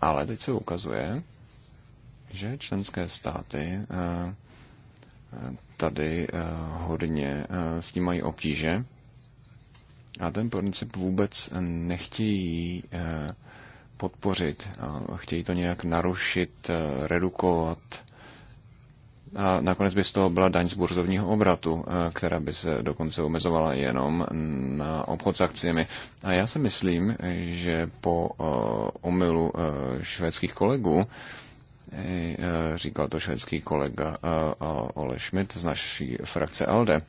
Speaker 1: Ale teď se ukazuje, že členské státy eh, tady eh, hodně eh, s tím mají obtíže a ten princip vůbec nechtějí podpořit. Chtějí to nějak narušit, redukovat a nakonec by z toho byla daň z burzovního obratu, eh, která by se dokonce omezovala jenom na obchod s akciemi. A já si myslím, že po eh, omylu eh, švédských kolegů, říkal to švédský kolega Ole Schmidt z naší frakce ALDE,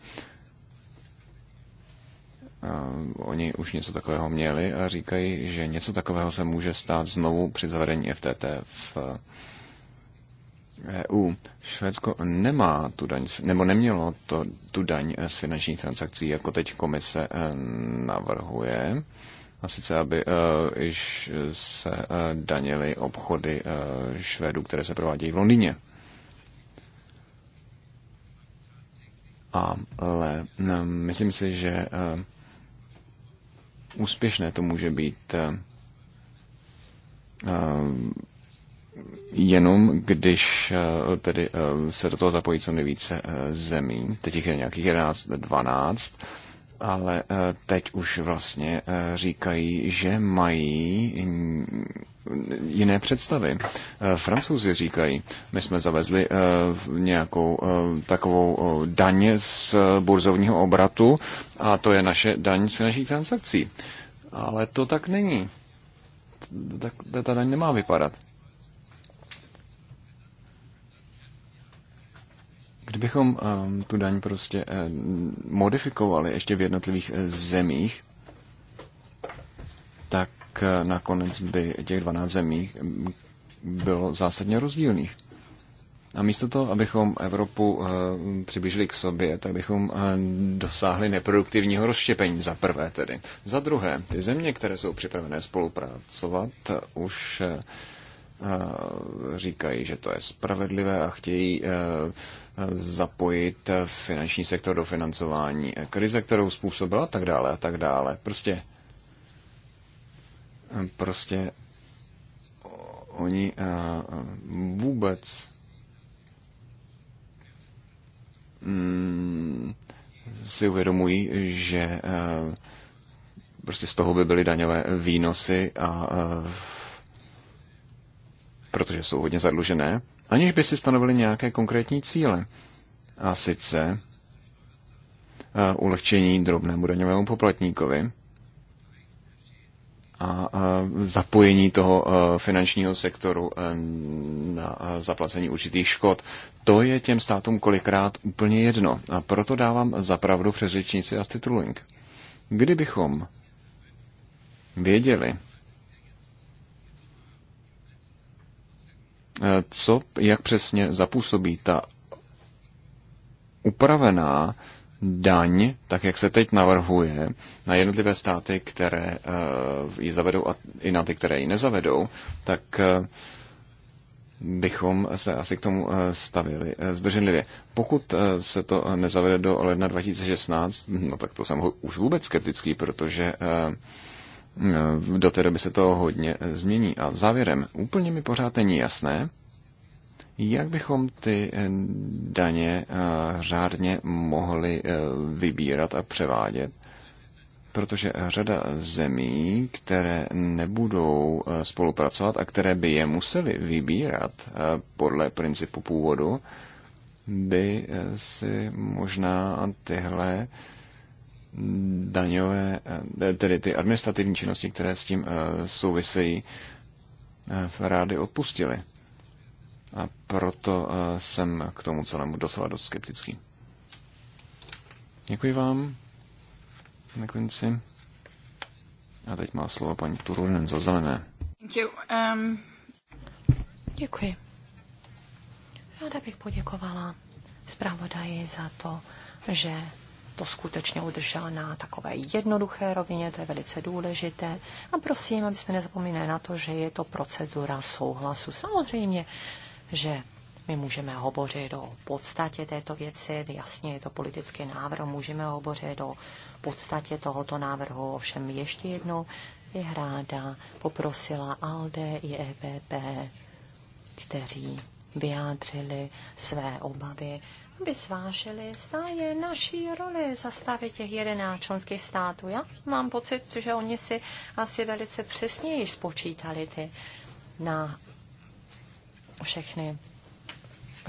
Speaker 1: oni už něco takového měli a říkají, že něco takového se může stát znovu při zavedení FTT v EU. Švédsko nemá tu daň, nebo nemělo to, tu daň z finančních transakcí, jako teď komise e, navrhuje. A sice, aby uh, se uh, danily obchody uh, Švédů, které se provádějí v Londýně. Ale no, myslím si, že uh, úspěšné to může být uh, jenom když eh, tedy eh, se do toho zapojí co nejvíce eh, zemí, teď je nějakých 11, 12, ale teď už vlastně říkají, že mají jiné představy. Francouzi říkají, my jsme zavezli nějakou takovou daň z burzovního obratu a to je naše daň z finančních transakcí. Ale to tak není. Tak ta daň nemá vypadat. Kdybychom um, tu daň prostě eh, modifikovali ještě v jednotlivých eh, zemích, tak eh, nakonec by těch 12 zemí mm, bylo zásadně rozdílných. A místo toho, abychom Evropu přiblížili k sobě, tak bychom dosáhli neproduktivního rozštěpení za prvé tedy. Za druhé, ty země, které jsou připravené spolupracovat, už říkají, že to je spravedlivé a chtějí zapojit finanční sektor do financování krize, kterou způsobila a tak dále a tak dále. Prostě, prostě oni eh, vůbec mm, si uvědomují, že eh, prostě z toho by byly daňové výnosy a eh, protože jsou hodně zadlužené aniž by si stanovili nějaké konkrétní cíle. A sice eh, ulehčení drobnému daňovému poplatníkovi a eh, zapojení toho eh, finančního sektoru na zaplacení určitých škod. To je těm státům kolikrát úplně jedno. A proto dávám zapravdu přes řečnici a Kdybychom věděli, co, jak přesně zapůsobí ta upravená daň, tak jak se teď navrhuje, na jednotlivé státy, které eh, ji zavedou a i na ty, které ji nezavedou, tak eh, bychom se asi k tomu eh, stavili zdrženlivě. Pokud se to nezavede do ledna 2016, no tak to jsem už vůbec skeptický, protože Eh, do té doby se to hodně eh, změní. A závěrem, úplně mi pořád není jasné, jak bychom ty eh, daně řádně mohli vybírat a převádět, protože řada zemí, které nebudou spolupracovat a které by je museli vybírat podle principu původu, by si možná tyhle daňové, eh, tedy ty administrativní činnosti, které s tím eh, souvisejí, eh, rády odpustili. A proto jsem k tomu celému doslova dost skeptický. Děkuji vám, pane Klinci. A teď má slovo paní Turunen za zelené.
Speaker 4: Um... Děkuji. Ráda bych poděkovala zpravodaji za to, že to skutečně udržel na takové jednoduché rovině, to je velice důležité. A prosím, aby jsme nezapomínali na to, že je to procedura souhlasu. Samozřejmě, že my můžeme hovořit o podstatě této věci, jasně je to politický návrh, můžeme hovořit o podstatě tohoto návrhu, ovšem ještě jednou je ráda poprosila ALDE i EPP, kteří vyjádřili své obavy aby zvážili, zda je naší roli zastavit těch jedenáct členských států. Já mám pocit, že oni si asi velice přesněji spočítali ty na všechny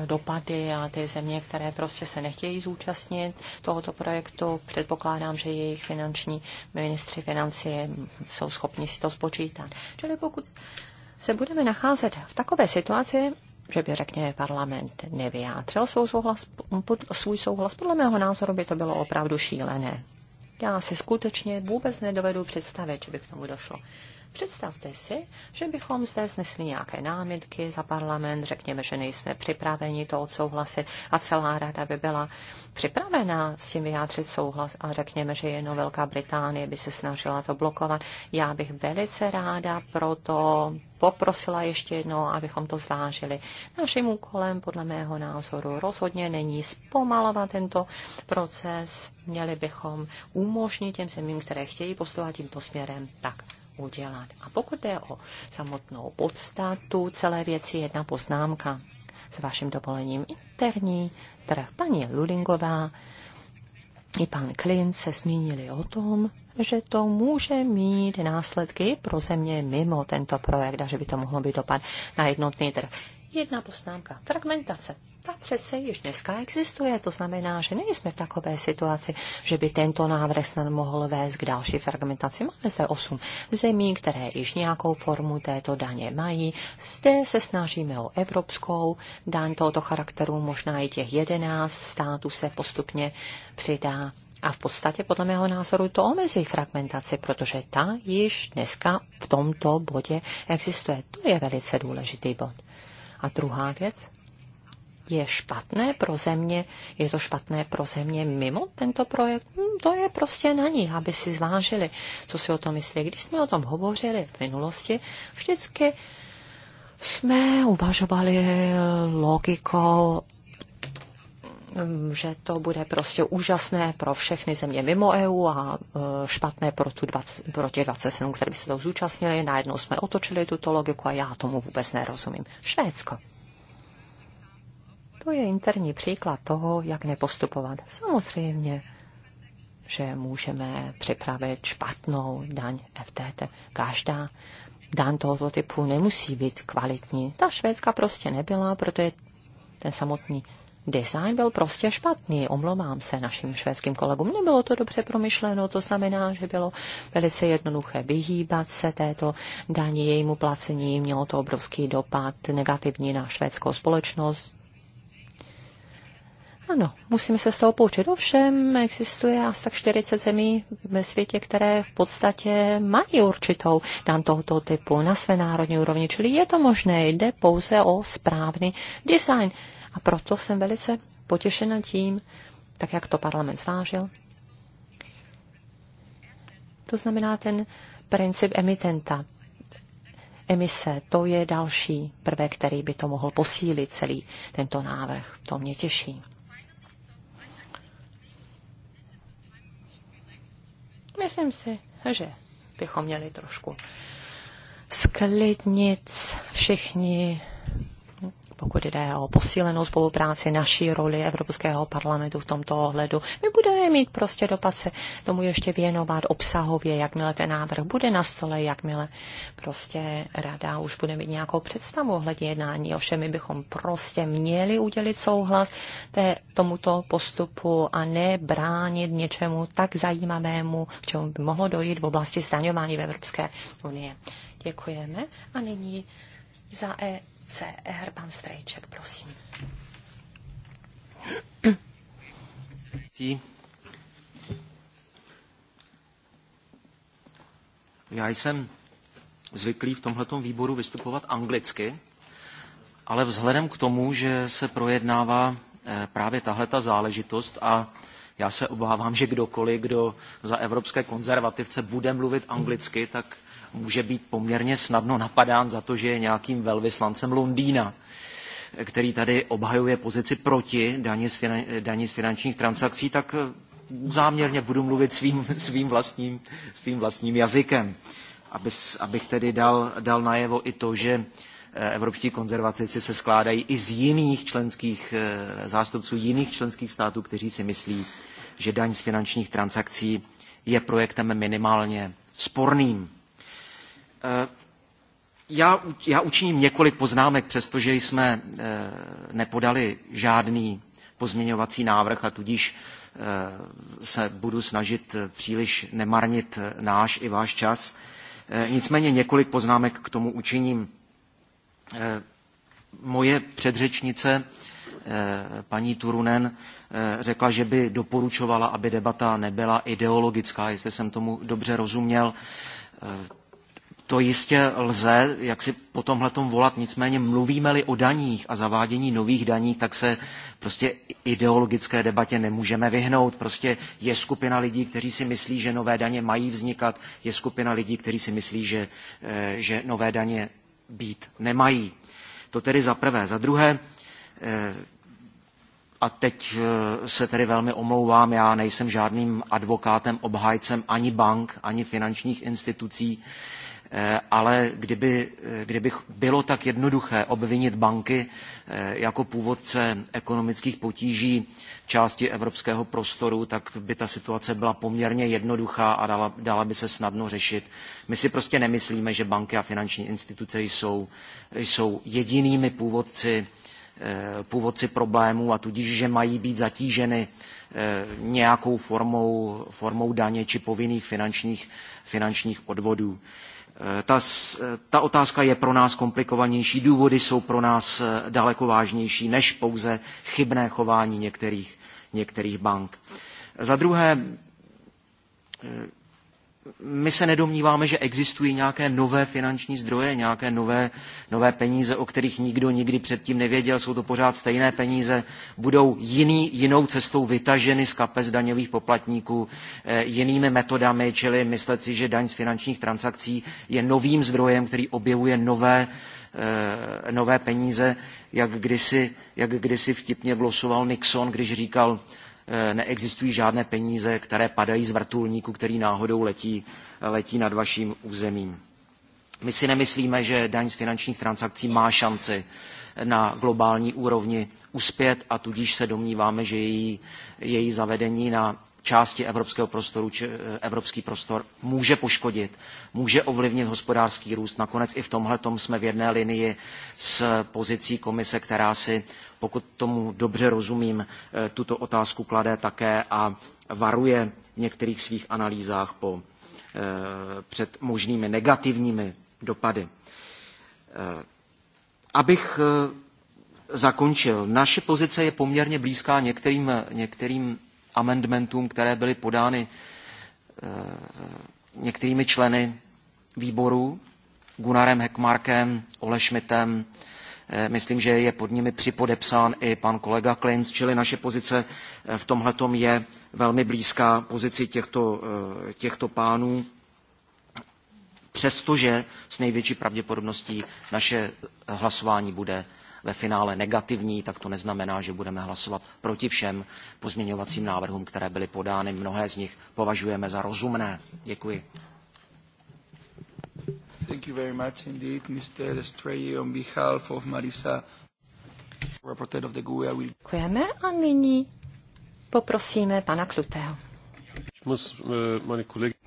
Speaker 4: dopady a ty země, které prostě se nechtějí zúčastnit tohoto projektu. Předpokládám, že jejich finanční ministři financí jsou schopni si to spočítat. Čili pokud se budeme nacházet v takové situaci, že by, řekněme, parlament nevyjádřil svou souhlas, svůj souhlas. Podle mého názoru by to bylo opravdu šílené. Já si skutečně vůbec nedovedu představit, že by k tomu došlo. Představte si, že bychom zde znesli nějaké námitky za parlament, řekněme, že nejsme připraveni to odsouhlasit a celá rada by byla připravená s tím vyjádřit souhlas a řekněme, že jenom Velká Británie by se snažila to blokovat. Já bych velice ráda proto poprosila ještě jednou, abychom to zvážili. Naším úkolem, podle mého názoru, rozhodně není zpomalovat tento proces. Měli bychom umožnit těm zemím, které chtějí postovat tímto směrem, tak udělat. A pokud jde o samotnou podstatu celé věci, jedna poznámka s vaším dovolením. Interní trh paní Ludingová i pan Klin se zmínili o tom, že to může mít následky pro země mimo tento projekt a že by to mohlo být dopad na jednotný trh. Jedna poznámka. Fragmentace. Ta přece již dneska existuje, to znamená, že nejsme v takové situaci, že by tento návrh snad mohl vést k další fragmentaci. Máme zde osm zemí, které již nějakou formu této daně mají. Zde se snažíme o evropskou daň tohoto charakteru, možná i těch jedenáct států se postupně přidá a v podstatě podle mého názoru to omezí fragmentaci, protože ta již dneska v tomto bodě existuje. To je velice důležitý bod. A druhá věc, je špatné pro země, je to špatné pro země mimo tento projekt, hm, to je prostě na ní, aby si zvážili, co si o tom myslí. Když jsme o tom hovořili v minulosti, vždycky jsme uvažovali logikou Mm, že to bude prostě úžasné pro všechny země mimo EU a e, špatné pro, tu 20, pro těch 27, které by se to zúčastnili. Najednou jsme otočili tuto logiku a já tomu vůbec nerozumím. Švédsko. To je interní příklad toho, jak nepostupovat. Samozřejmě, že můžeme připravit špatnou daň FTT. Každá daň tohoto typu nemusí být kvalitní. Ta švédská prostě nebyla, protože ten samotný design byl prostě špatný. Omlouvám se našim švédským kolegům. Nebylo to dobře promyšleno, to znamená, že bylo velice jednoduché vyhýbat se této daní, jejímu placení. Mělo to obrovský dopad negativní na švédskou společnost, ano, musíme se z toho poučit. Ovšem, existuje asi tak 40 zemí ve světě, které v podstatě mají určitou dan tohoto typu na své národní úrovni, čili je to možné, jde pouze o správný design. A proto jsem velice potěšena tím, tak jak to parlament zvážil. To znamená ten princip emitenta. Emise, to je další prvek, který by to mohl posílit celý tento návrh. To mě těší. Myslím si, že bychom měli trošku sklidnit všichni pokud jde o posílenou spolupráci naší roli Evropského parlamentu v tomto ohledu. My budeme mít prostě dopad se tomu ještě věnovat obsahově, jakmile ten návrh bude na stole, jakmile prostě rada už bude mít nějakou představu ohledně jednání. Ovšem my bychom prostě měli udělit souhlas té, tomuto postupu a ne bránit něčemu tak zajímavému, k čemu by mohlo dojít v oblasti zdaňování v Evropské unie. Děkujeme a nyní za E ECR, pan Strejček,
Speaker 3: prosím. Já jsem zvyklý v tomhletom výboru vystupovat anglicky, ale vzhledem k tomu, že se projednává eh, právě tahle ta záležitost a já se obávám, že kdokoliv, kdo za evropské konzervativce bude mluvit anglicky, tak může být poměrně snadno napadán za to, že je nějakým velvyslancem Londýna který tady obhajuje pozici proti daní z, finan, daní z finančních transakcí, tak eh, záměrně budu mluvit svým, svým, vlastním, svým vlastním jazykem, aby, abych tedy dal, dal najevo i to, že eh, evropští konzervativci se skládají i z jiných členských eh, zástupců jiných členských států, kteří si myslí, že daň z finančních transakcí je projektem minimálně sporným. Eh, já, já učiním několik poznámek, přestože jsme eh, nepodali žádný pozměňovací návrh a tudíž eh, se budu snažit příliš nemarnit náš i váš čas. Nicméně několik poznámek k tomu učiním. Moje předřečnice, paní Turunen, řekla, že by doporučovala, aby debata nebyla ideologická, jestli jsem tomu dobře rozuměl to jistě lze, jak si po tom volat, nicméně mluvíme-li o daních a zavádění nových daní, tak se prostě ideologické debatě nemůžeme vyhnout. Prostě je skupina lidí, kteří si myslí, že nové daně mají vznikat, je skupina lidí, kteří si myslí, že, eh, že nové daně být nemají. To tedy za prvé. Za druhé, eh, a teď eh, se tedy velmi omlouvám, já nejsem žádným advokátem, obhájcem ani bank, ani finančních institucí. Eh, ale kdyby, eh, kdyby bylo tak jednoduché obvinit banky eh, jako původce ekonomických potíží části evropského prostoru, tak by ta situace byla poměrně jednoduchá a dala, dala by se snadno řešit. My si prostě nemyslíme, že banky a finanční instituce jsou, jsou jedinými původci původci problémů a tudíž, že mají být zatíženy nějakou formou, formou daně či povinných finančních, finančních odvodů. Eh, ta, eh, ta otázka je pro nás komplikovanější, důvody jsou pro nás eh, daleko vážnější než pouze chybné chování některých, některých bank. Za druhé, my se nedomníváme, že existují nějaké nové finanční zdroje, nějaké nové, nové peníze, o kterých nikdo nikdy předtím nevěděl, jsou to pořád stejné peníze, budou jiný, jinou cestou vytaženy z kapes daňových poplatníků, eh, jinými metodami, čili myslet si, že daň z finančních transakcí je novým zdrojem, který objevuje nové, eh, nové peníze, jak kdysi, jak kdysi vtipně glosoval Nixon, když říkal, Eh, neexistují žádné peníze, které padají z vrtulníku, který náhodou letí, letí nad vaším územím. My si nemyslíme, že daň z finančních transakcí má šanci na globální úrovni uspět a tudíž se domníváme, že její, její zavedení na části evropského prostoru, či eh, evropský prostor může poškodit, může ovlivnit hospodářský růst. Nakonec i v tomhle jsme v jedné linii s pozicí komise, která si, pokud tomu dobře rozumím, eh, tuto otázku klade také a varuje v některých svých analýzách po, eh, před možnými negativními dopady. Abych zakončil, naše pozice je poměrně blízká některým, některým amendmentům, které byly podány eh, některými členy výboru, Gunarem Hekmarkem, Ole Schmidtem, eh, myslím, že je pod nimi připodepsán i pan kolega Klinc, čili naše pozice eh, v tomhletom je velmi blízká pozici těchto, těchto pánů, přestože s největší pravděpodobností naše hlasování bude ve finále negativní, tak to neznamená, že budeme hlasovat proti všem pozměňovacím návrhům, které byly podány. Mnohé z nich považujeme za rozumné. Děkuji.
Speaker 1: Thank you very much indeed, Mr. Estrella, on behalf of Marisa, reporter of the GUE. I will...
Speaker 4: Děkujeme a nyní poprosíme pana eh,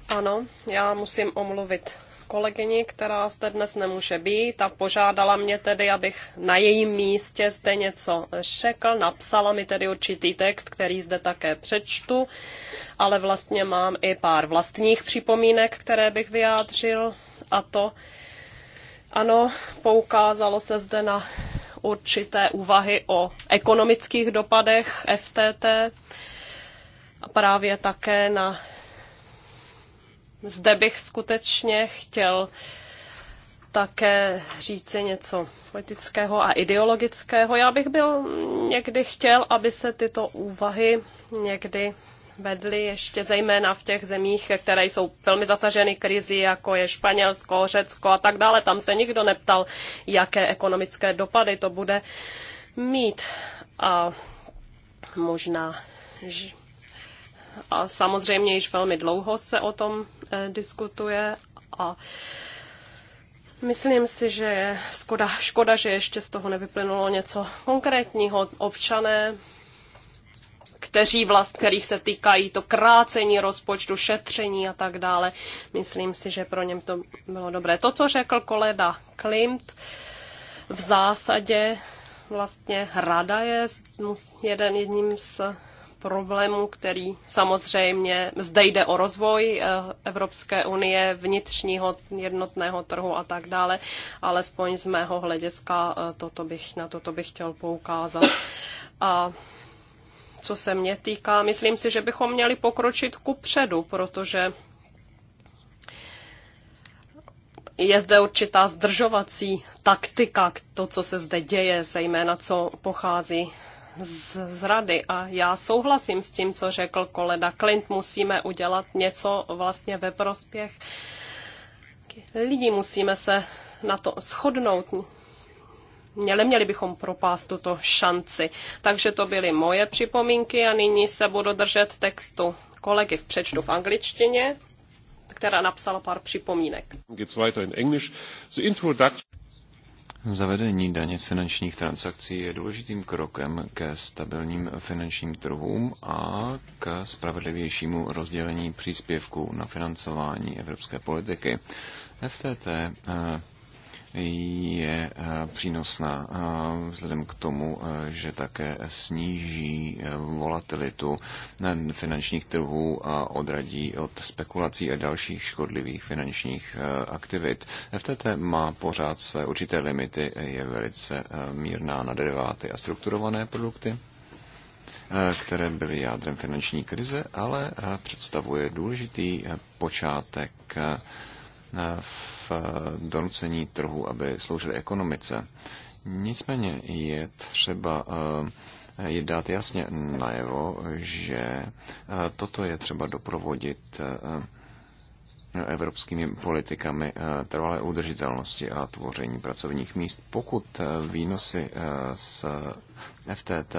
Speaker 2: Ano, já musím omluvit kolegyni, která zde dnes nemůže být a požádala mě tedy, abych na jejím místě zde něco řekl. Napsala mi tedy určitý text, který zde také přečtu, ale vlastně mám i pár vlastních připomínek, které bych vyjádřil a to ano, poukázalo se zde na určité úvahy o ekonomických dopadech FTT a právě také na zde bych skutečně chtěl také říci něco politického a ideologického. Já bych byl někdy chtěl, aby se tyto úvahy někdy vedly ještě zejména v těch zemích, které jsou velmi zasaženy krizi, jako je Španělsko, Řecko a tak dále. Tam se nikdo neptal, jaké ekonomické dopady to bude mít. A možná, že... a samozřejmě již velmi dlouho se o tom Eh, diskutuje a Myslím si, že je škoda, škoda, že ještě z toho nevyplynulo něco konkrétního. Občané, kteří vlast, kterých se týkají to krácení rozpočtu, šetření a tak dále, myslím si, že pro něm to bylo dobré. To, co řekl koleda Klimt, v zásadě vlastně rada je jeden, jedním z problému, který samozřejmě zde jde o rozvoj eh, Evropské unie, vnitřního jednotného trhu a tak dále, alespoň z mého hlediska eh, toto bych, na toto bych chtěl poukázat. A co se mě týká, myslím si, že bychom měli pokročit ku předu, protože je zde určitá zdržovací taktika, to, co se zde děje, zejména co pochází z, rady a já souhlasím s tím, co řekl koleda Clint, musíme udělat něco vlastně ve prospěch lidí, musíme se na to shodnout. Měli, měli bychom propást tuto šanci. Takže to byly moje připomínky a nyní se budu držet textu kolegy v přečtu v angličtině která napsala pár připomínek.
Speaker 1: Zavedení daně z finančních transakcí je důležitým krokem ke stabilním finančním trhům a k spravedlivějšímu rozdělení příspěvků na financování evropské politiky. FTT je eh, přínosná eh, vzhledem k tomu, eh, že také sníží volatilitu finančních trhů a odradí od spekulací a dalších škodlivých finančních aktivit. FTT má pořád své určité limity, je velice mírná na deriváty a strukturované produkty které byly jádrem finanční krize, ale představuje důležitý počátek v Eh, donucení trhu, aby sloužily ekonomice. Nicméně je třeba eh, je dát jasně najevo, že eh, toto je třeba doprovodit evropskými politikami eh, trvalé udržitelnosti a tvoření pracovních míst, pokud eh, výnosy eh, z FTT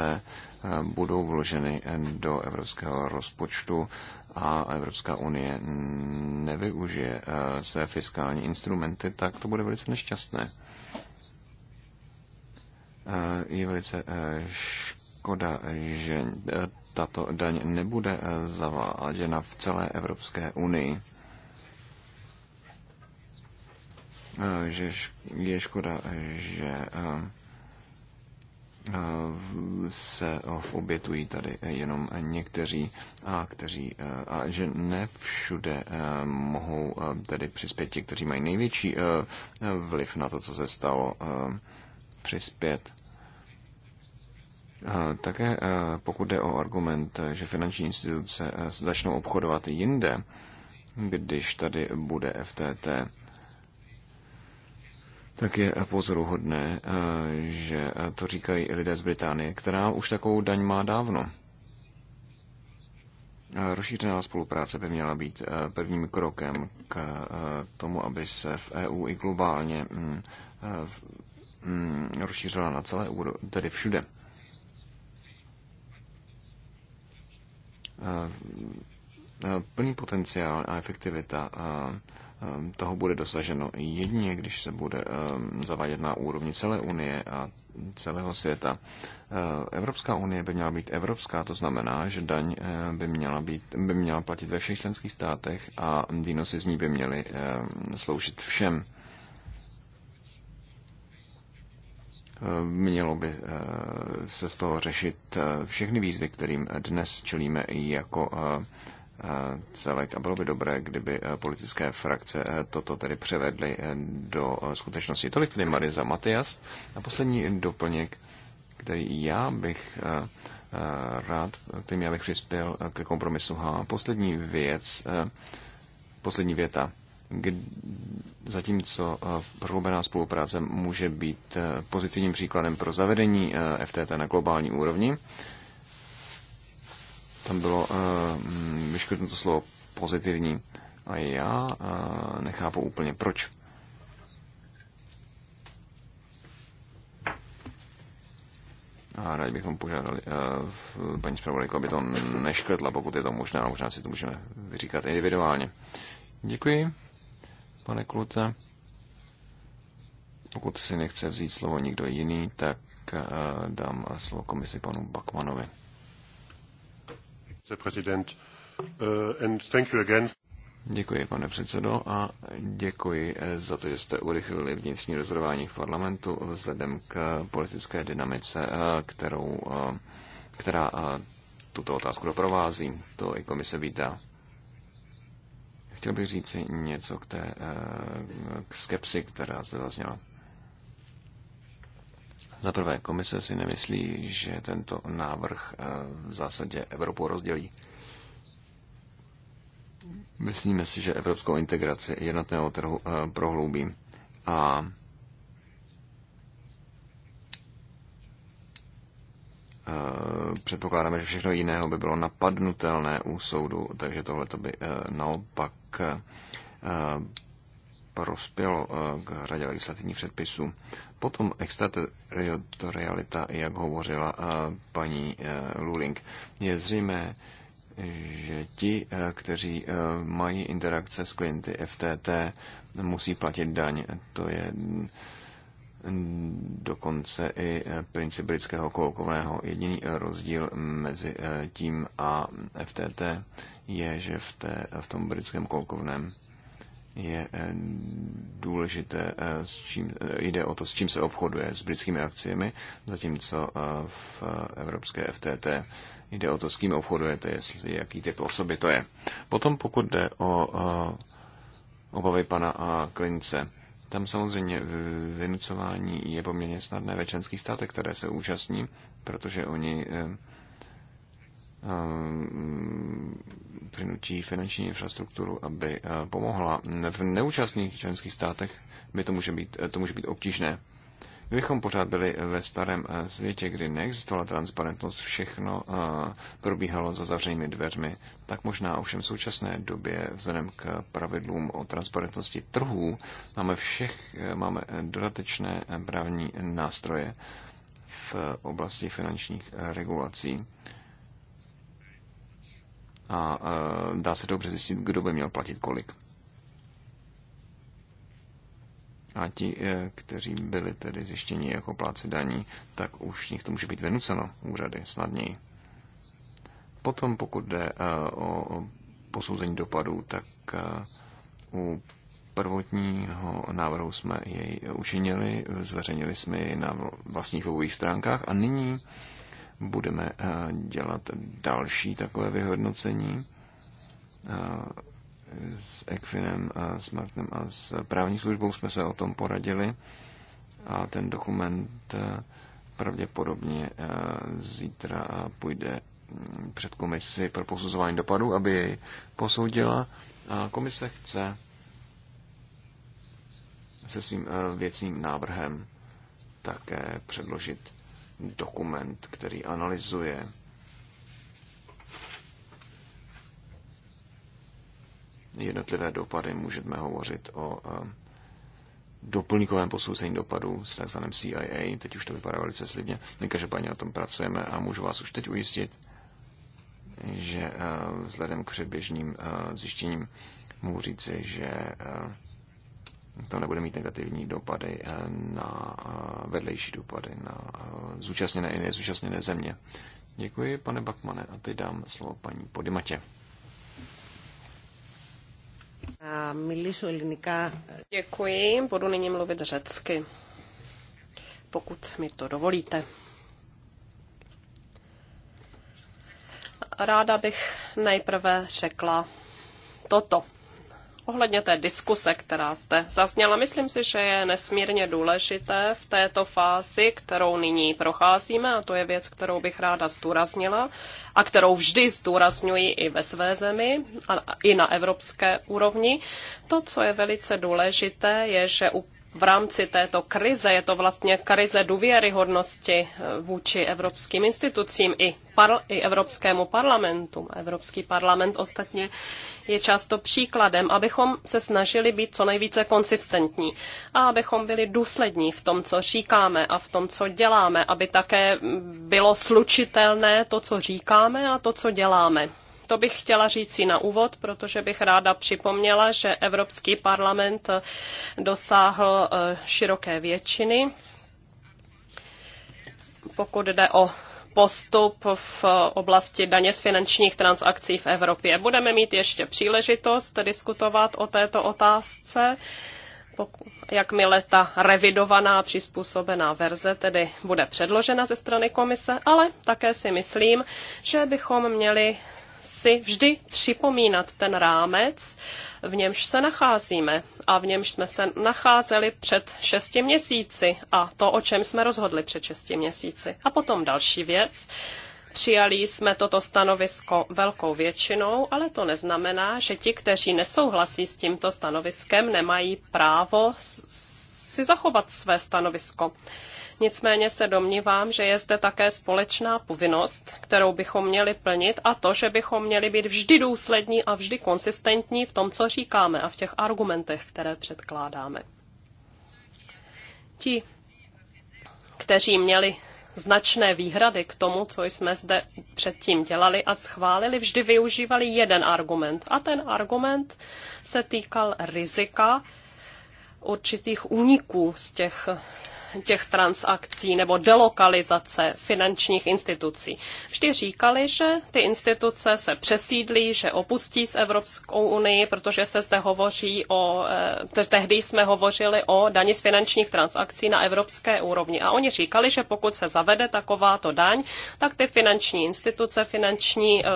Speaker 1: budou vloženy do evropského rozpočtu a Evropská unie nevyužije své fiskální instrumenty, tak to bude velice nešťastné. Je velice škoda, že tato daň nebude zaváděna v celé Evropské unii Eh, že je škoda, že eh, eh, se obětují tady jenom někteří, a, kteří, a že ne všude mohou tedy přispět ti, kteří mají největší vliv na to, co se stalo, přispět. Také pokud jde o argument, že finanční instituce začnou obchodovat jinde, když tady bude FTT, tak je pozoruhodné, eh, že to říkají lidé z Británie, která už takovou daň má dávno. Eh, rozšířená spolupráce by měla být eh, prvním krokem k tomu, aby se v EU i globálně mm, mm, rozšířila na celé úrovni, tedy všude. Plný potenciál a efektivita Ehm, toho bude dosaženo jedině, když se bude ehm, zavádět na úrovni celé Unie a celého světa. Ehm, evropská unie by měla být evropská, to znamená, že daň by měla, být, by měla platit ve všech členských státech a výnosy z ní by měly sloužit všem. Mělo by se z toho řešit všechny výzvy, kterým dnes čelíme i jako celek a bylo by dobré, kdyby e, politické frakce e, toto tedy převedly e, do skutečnosti. Tolik tedy Mariza Matias. A poslední doplněk, který já bych rád, kterým já bych přispěl ke kompromisu A Poslední věc, poslední věta, kdy, zatímco prohloubená spolupráce může být pozitivním příkladem pro zavedení FTT na globální úrovni, tam bylo eh, hm, vyškrtnuto slovo pozitivní a já eh, nechápu úplně proč. a rád bychom požádali uh, paní zpravodajku, aby to neškrtla, pokud je to možné, a možná si to můžeme vyříkat individuálně. Děkuji, pane Klute. Pokud si nechce vzít slovo nikdo jiný, tak dám slovo komisi panu Bakmanovi. Äh, děkuji, pane předsedo, a děkuji eh, za to, že jste urychlili vnitřní rozhodování v parlamentu vzhledem k politické dynamice, eh, kterou, eh, která tuto otázku doprovází. To i komise vítá. Chtěl bych říci něco k té k skepsi, která zde zazněla. Za prvé, komise si nemyslí, že tento návrh eh, v zásadě Evropu rozdělí. Myslíme si, že evropskou integraci jednotného trhu eh, prohloubí. A eh, předpokládáme, že všechno jiného by bylo napadnutelné u soudu, takže tohle by naopak prospělo k řadě legislativních předpisů. Potom extraterritorialita, jak hovořila eh, paní eh, Luling, je zřejmé, že ti, eh, kteří mají interakce s klienty FTT, musí platit daň. To je mm, dokonce i princip britského kolkovného. Jediný rozdíl mezi tím a FTT je, že v, té, v tom britském kolkovném je eh, důležité, eh, s čím, eh, jde o to, s čím se obchoduje s britskými akciemi, zatímco v evropské FTT jde o to, s kým obchodujete, jestli, jaký typ osoby to je. Potom pokud jde o obavy pana Klince, tam samozřejmě vynucování je poměrně snadné ve členských státech, které se účastní, protože oni Um, přinutí finanční infrastrukturu, aby uh, pomohla. V neúčastných členských státech by to může být, to může být obtížné. Kdybychom pořád byli ve starém uh, světě, kdy neexistovala transparentnost, všechno uh, probíhalo za zavřenými dveřmi, tak možná ovšem v současné době vzhledem k pravidlům o transparentnosti trhů máme, všech, máme dodatečné právní nástroje v oblasti finančních regulací a e, dá se dobře zjistit, kdo by měl platit kolik. A ti, e, kteří byli tedy zjištěni jako pláci daní, tak už nich to může být vynuceno úřady snadněji. Potom, pokud jde e, o posouzení dopadů, tak u prvotního návrhu jsme jej učinili, zveřejnili jsme jej na vlastních webových stránkách a nyní budeme eh, dělat další takové vyhodnocení eh, s Equinem, s Martinem a s právní službou jsme se o tom poradili a ten dokument eh, pravděpodobně zítra půjde mm, před komisi pro posuzování dopadu, aby jej posoudila. A komise chce se svým věcným návrhem také předložit dokument, který analyzuje jednotlivé dopady. Můžeme hovořit o eh, doplňkovém posouzení dopadů s takzvaným CIA. Teď už to vypadá velice slibně. My každopádně na tom pracujeme a můžu vás už teď ujistit, že eh, vzhledem k předběžným eh, zjištěním můžu říci, že to nebude mít negativní dopady eh, na eh, vedlejší dopady na eh, zúčastněné i nezúčastněné země. Děkuji, pane Bakmane, a teď dám slovo paní Podimatě.
Speaker 2: Děkuji, budu nyní mluvit řecky, pokud mi to dovolíte. Ráda bych nejprve řekla toto. Ohledně té diskuse, která zde zazněla, myslím si, že je nesmírně důležité v této fázi, kterou nyní procházíme, a to je věc, kterou bych ráda zdůraznila a kterou vždy zdůrazňuji i ve své zemi a i na evropské úrovni. To, co je velice důležité, je, že u v rámci této krize, je to vlastně krize důvěryhodnosti eh, vůči evropským institucím i, parl- i Evropskému parlamentu. Evropský parlament ostatně je často příkladem, abychom se snažili být co nejvíce konsistentní a abychom byli důslední v tom, co říkáme a v tom, co děláme, aby také bylo slučitelné to, co říkáme a to, co děláme. To bych chtěla říci na úvod, protože bych ráda připomněla, že Evropský parlament dosáhl e, široké většiny. Pokud jde o postup v oblasti daně z finančních transakcí v Evropě. Budeme mít ještě příležitost diskutovat o této otázce jakmile ta revidovaná, přizpůsobená verze tedy bude předložena ze strany komise, ale také si myslím, že bychom měli si vždy připomínat ten rámec, v němž se nacházíme a v němž jsme se nacházeli před šesti měsíci a to, o čem jsme rozhodli před šesti měsíci. A potom další věc. Přijali jsme toto stanovisko velkou většinou, ale to neznamená, že ti, kteří nesouhlasí s tímto stanoviskem, nemají právo si zachovat své stanovisko. Nicméně se domnívám, že je zde také společná povinnost, kterou bychom měli plnit a to, že bychom měli být vždy důslední a vždy konsistentní v tom, co říkáme a v těch argumentech, které předkládáme. Ti, kteří měli značné výhrady k tomu, co jsme zde předtím dělali a schválili, vždy využívali jeden argument. A ten argument se týkal rizika určitých úniků z těch těch transakcí nebo delokalizace finančních institucí. Vždy říkali, že ty instituce se přesídlí, že opustí z Evropskou unii, protože se zde hovoří o, eh, tehdy jsme hovořili o dani z finančních transakcí na evropské úrovni. A oni říkali, že pokud se zavede takováto daň, tak ty finanční instituce, finanční eh,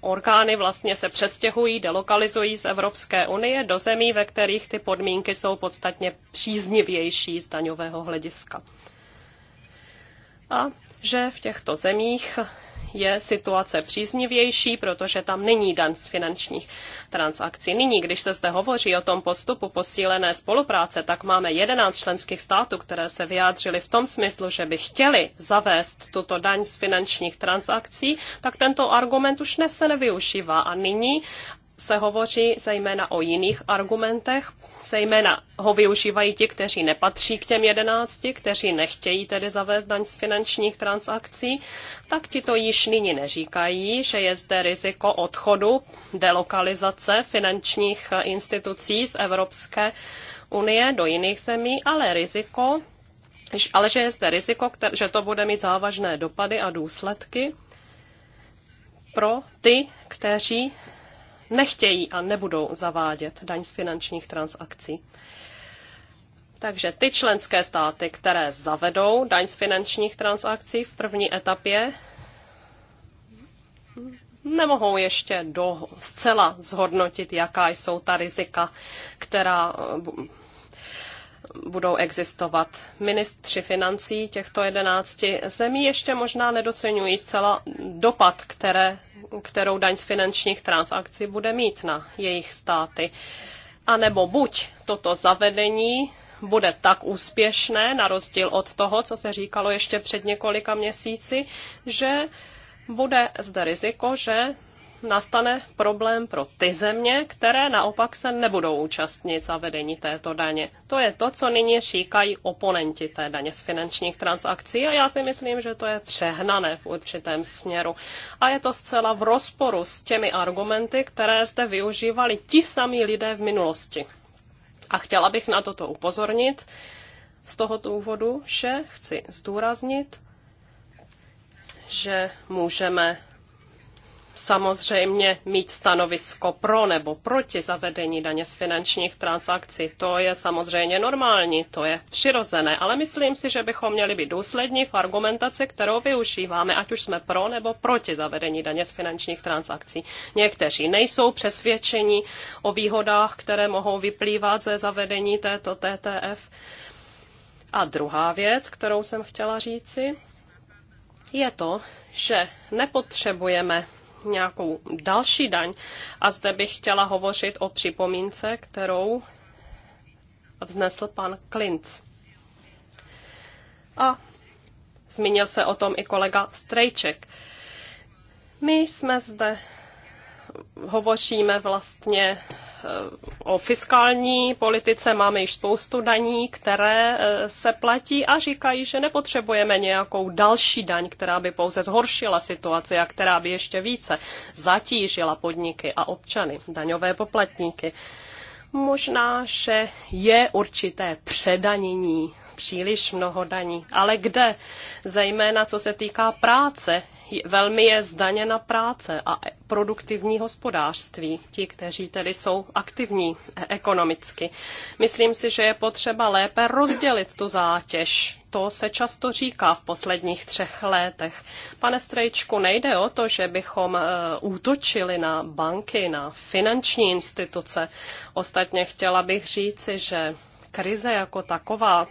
Speaker 2: orgány vlastně se přestěhují, delokalizují z Evropské unie do zemí, ve kterých ty podmínky jsou podstatně příznivější z daňového hlediska hlediska. A že v těchto zemích je situace příznivější, protože tam není dan z finančních transakcí. Nyní, když se zde hovoří o tom postupu posílené spolupráce, tak máme 11 členských států, které se vyjádřili v tom smyslu, že by chtěli zavést tuto daň z finančních transakcí, tak tento argument už ne se nevyužívá. A nyní se hovoří zejména o jiných argumentech, zejména ho využívají ti, kteří nepatří k těm jedenácti, kteří nechtějí tedy zavést daň z finančních transakcí, tak ti to již nyní neříkají, že je zde riziko odchodu, delokalizace finančních eh, institucí z Evropské unie do jiných zemí, ale riziko, ale že je zde riziko, že to bude mít závažné dopady a důsledky pro ty, kteří nechtějí a nebudou zavádět daň z finančních transakcí. Takže ty členské státy, které zavedou daň z finančních transakcí v první etapě, nemohou ještě do, zcela zhodnotit, jaká jsou ta rizika, která budou existovat. Ministři financí těchto jedenácti zemí ještě možná nedocenují zcela dopad, které kterou daň z finančních transakcí bude mít na jejich státy. A nebo buď toto zavedení bude tak úspěšné, na rozdíl od toho, co se říkalo ještě před několika měsíci, že bude zde riziko, že nastane problém pro ty země, které naopak se nebudou účastnit zavedení této daně. To je to, co nyní říkají oponenti té daně z finančních transakcí a já si myslím, že to je přehnané v určitém směru. A je to zcela v rozporu s těmi argumenty, které zde využívali ti samí lidé v minulosti. A chtěla bych na toto upozornit z tohoto úvodu, že chci zdůraznit, že můžeme samozřejmě mít stanovisko pro nebo proti zavedení daně z finančních transakcí. To je samozřejmě normální, to je přirozené, ale myslím si, že bychom měli být důslední v argumentaci, kterou využíváme, ať už jsme pro nebo proti zavedení daně z finančních transakcí. Někteří nejsou přesvědčeni o výhodách, které mohou vyplývat ze zavedení této TTF. A druhá věc, kterou jsem chtěla říci, je to, že nepotřebujeme nějakou další daň. A zde bych chtěla hovořit o připomínce, kterou vznesl pan Klinc. A zmínil se o tom i kolega Strejček. My jsme zde hovoříme vlastně o fiskální politice máme již spoustu daní, které eh, se platí a říkají, že nepotřebujeme nějakou další daň, která by pouze zhoršila situaci a která by ještě více zatížila podniky a občany, daňové poplatníky. Možná, že je určité předanění příliš mnoho daní. Ale kde? Zejména co se týká práce, velmi je zdaněna práce a produktivní hospodářství, ti, kteří tedy jsou aktivní e- ekonomicky. Myslím si, že je potřeba lépe rozdělit tu zátěž. To se často říká v posledních třech letech. Pane Strejčku, nejde o to, že bychom e, útočili na banky, na finanční instituce. Ostatně chtěla bych říci, že krize jako taková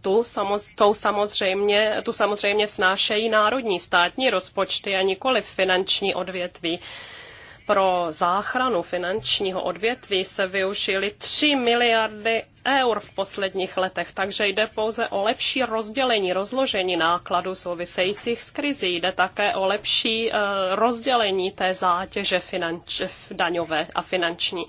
Speaker 2: tu samoz, tou samozřejmě, tu samozřejmě snášejí národní státní rozpočty a nikoli finanční odvětví. Pro záchranu finančního odvětví se využili 3 miliardy eur v posledních letech, takže jde pouze o lepší rozdělení, rozložení nákladů souvisejících s krizí. Jde také o lepší eh, rozdělení té zátěže finanč, daňové a finanční.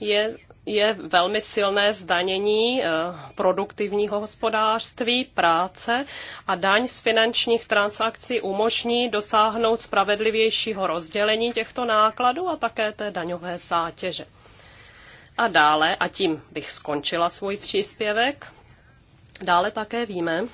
Speaker 2: Je je velmi silné zdanění eh, produktivního hospodářství, práce a daň z finančních transakcí umožní dosáhnout spravedlivějšího rozdělení těchto nákladů a také té daňové zátěže. A dále, a tím bych skončila svůj příspěvek, dále také víme,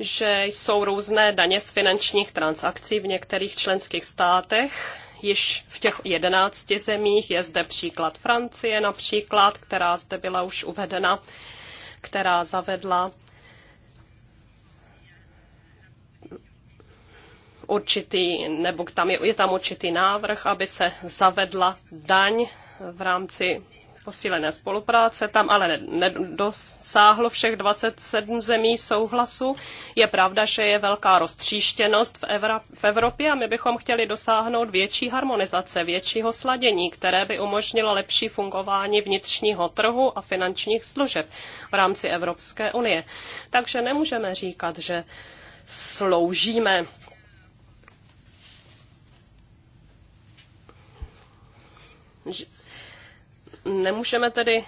Speaker 2: že jsou různé daně z finančních transakcí v některých členských státech, již v těch jedenácti zemích. Je zde příklad Francie například, která zde byla už uvedena, která zavedla určitý, nebo tam je, je tam určitý návrh, aby se zavedla daň v rámci posílené spolupráce, tam ale nedosáhlo všech 27 zemí souhlasu. Je pravda, že je velká roztříštěnost v, Evra- v Evropě a my bychom chtěli dosáhnout větší harmonizace, většího sladění, které by umožnilo lepší fungování vnitřního trhu a finančních služeb v rámci Evropské unie. Takže nemůžeme říkat, že sloužíme Nemůžeme tedy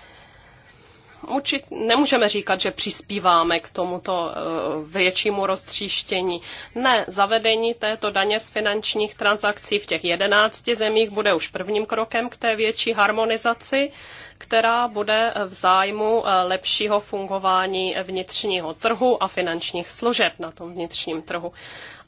Speaker 2: Učit, nemůžeme říkat, že přispíváme k tomuto eh, většímu roztříštění. Ne, zavedení této daně z finančních transakcí v těch jedenácti zemích bude už prvním krokem k té větší harmonizaci, která bude v zájmu eh, lepšího fungování vnitřního trhu a finančních služeb na tom vnitřním trhu.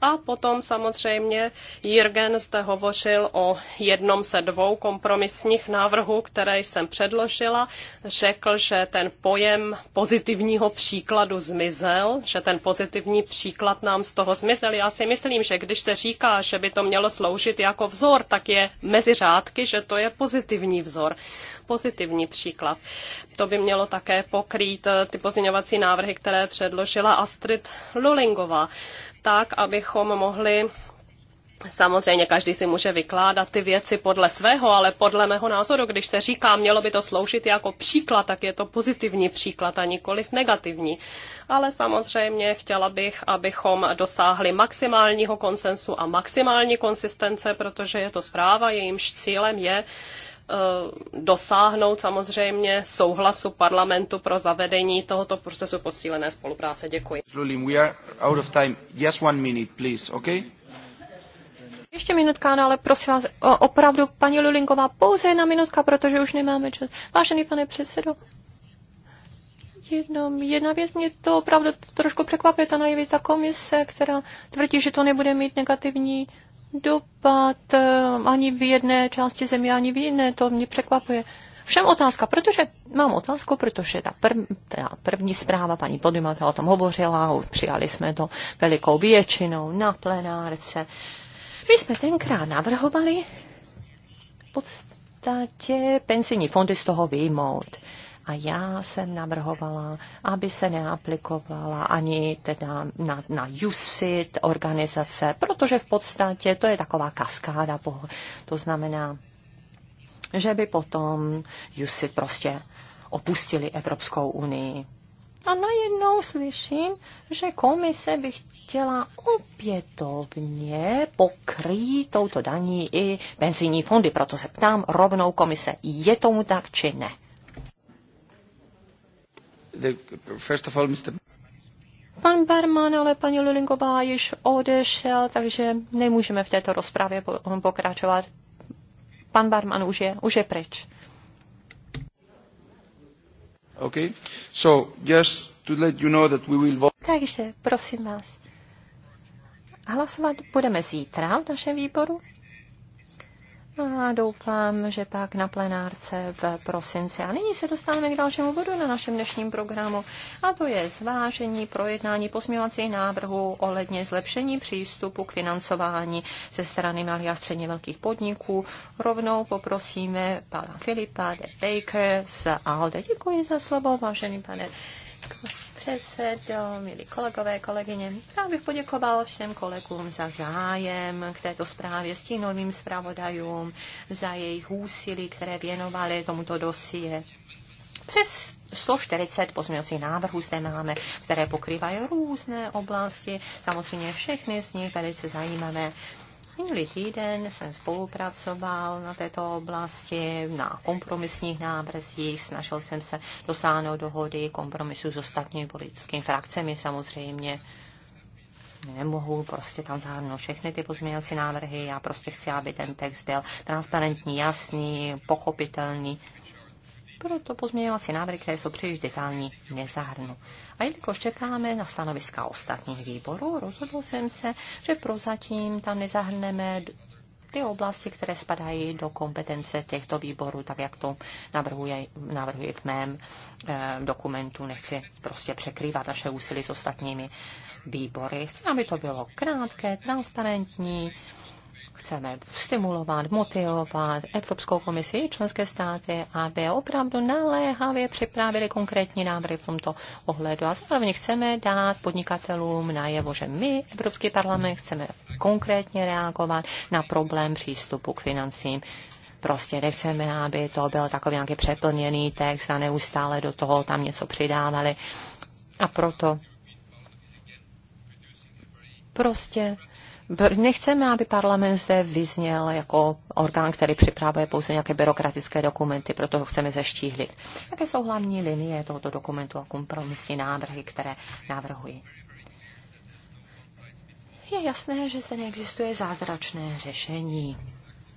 Speaker 2: A potom samozřejmě Jürgen zde hovořil o jednom se dvou kompromisních návrhů, které jsem předložila. Řekl, že ten pojem pozitivního příkladu zmizel, že ten pozitivní příklad nám z toho zmizel. Já si myslím, že když se říká, že by to mělo sloužit jako vzor, tak je mezi řádky, že to je pozitivní vzor, pozitivní příklad. To by mělo také pokrýt eh, ty pozměňovací návrhy, které předložila Astrid Lulingová tak, abychom mohli Samozřejmě každý si může vykládat ty věci podle svého, ale podle mého názoru, když se říká, mělo by to sloužit jako příklad, tak je to pozitivní příklad a nikoliv negativní. Ale samozřejmě chtěla bych, abychom dosáhli maximálního konsensu a maximální konsistence, protože je to zpráva, jejímž cílem je Eh, dosáhnout samozřejmě souhlasu parlamentu pro zavedení tohoto procesu posílené spolupráce. Děkuji.
Speaker 1: time. please,
Speaker 4: Ještě minutka, no ale prosím vás, opravdu, paní Lulinková, pouze jedna minutka, protože už nemáme čas. Vážený pane předsedo, jedno, jedna věc mě to opravdu trošku překvapuje, ta naivita komise, která tvrdí, že to nebude mít negativní dopad eh, ani v jedné části země, ani v jiné. To mě překvapuje. Všem otázka, protože mám otázku, protože ta, prv, ta první zpráva paní Podimata o tom hovořila, přijali jsme to velikou většinou na plenárce. My jsme tenkrát navrhovali v podstatě penzijní fondy z toho vyjmout a já jsem navrhovala, aby se neaplikovala ani teda na, na USIT organizace, protože v podstatě to je taková kaskáda. To znamená, že by potom USIT prostě opustili Evropskou unii. A najednou slyším, že komise by chtěla opětovně pokrýt touto daní i penzijní fondy. Proto se ptám rovnou komise, je tomu tak či ne? Pan Berman, ale paní Lulingová již odešel, takže nemůžeme v této rozpravě pokračovat. Pan Barman už je, už je pryč.
Speaker 1: Okay. So, just to let you know that we will vote.
Speaker 4: Takže, prosím vás, hlasovat budeme zítra v našem výboru No a doufám, že pak na plenárce v prosinci. A nyní se dostáváme k dalšímu bodu na našem dnešním programu a to je zvážení projednání posměvacích návrhů ohledně zlepšení přístupu k financování ze strany malých a středně velkých podniků. Rovnou poprosíme pana Filipa de Baker z ALDE. Děkuji za slovo, vážený pane předsedo, milí kolegové, kolegyně. Já bych poděkoval všem kolegům za zájem k této zprávě, stínovým zpravodajům, za jejich úsilí, které věnovali tomuto dosie. Přes 140 pozměňovacích návrhů zde máme, které pokrývají různé oblasti, samozřejmě všechny z nich velice zajímavé. Minulý týden jsem spolupracoval na této oblasti, na kompromisních návrzích, snažil jsem se dosáhnout dohody kompromisu s ostatními politickými frakcemi samozřejmě. Nemohu prostě tam zahrnout všechny ty pozměňovací návrhy, já prostě chci, aby ten text byl transparentní, jasný, pochopitelný proto pozměňovací návrhy, které jsou příliš detailní, nezahrnu. A jelikož čekáme na stanoviska ostatních výborů, rozhodl jsem se, že prozatím tam nezahrneme ty oblasti, které spadají do kompetence těchto výborů, tak jak to navrhuje, navrhuje v mém eh, dokumentu. Nechci prostě překrývat naše úsilí s ostatními výbory. Chci, aby to bylo krátké, transparentní, eh, chceme stimulovat, motivovat Evropskou komisi i členské státy, aby opravdu naléhavě připravili konkrétní návrhy v tomto ohledu. A zároveň chceme dát podnikatelům najevo, že my, Evropský parlament, chceme konkrétně reagovat na problém přístupu k financím. Prostě nechceme, aby to byl takový nějaký přeplněný text a neustále do toho tam něco přidávali. A proto prostě Nechceme, aby parlament zde vyzněl jako orgán, který připravuje pouze nějaké byrokratické dokumenty, proto ho chceme zeštíhlit. Jaké jsou hlavní linie tohoto dokumentu a kompromisní návrhy, které navrhuji? Je jasné, že zde neexistuje zázračné řešení.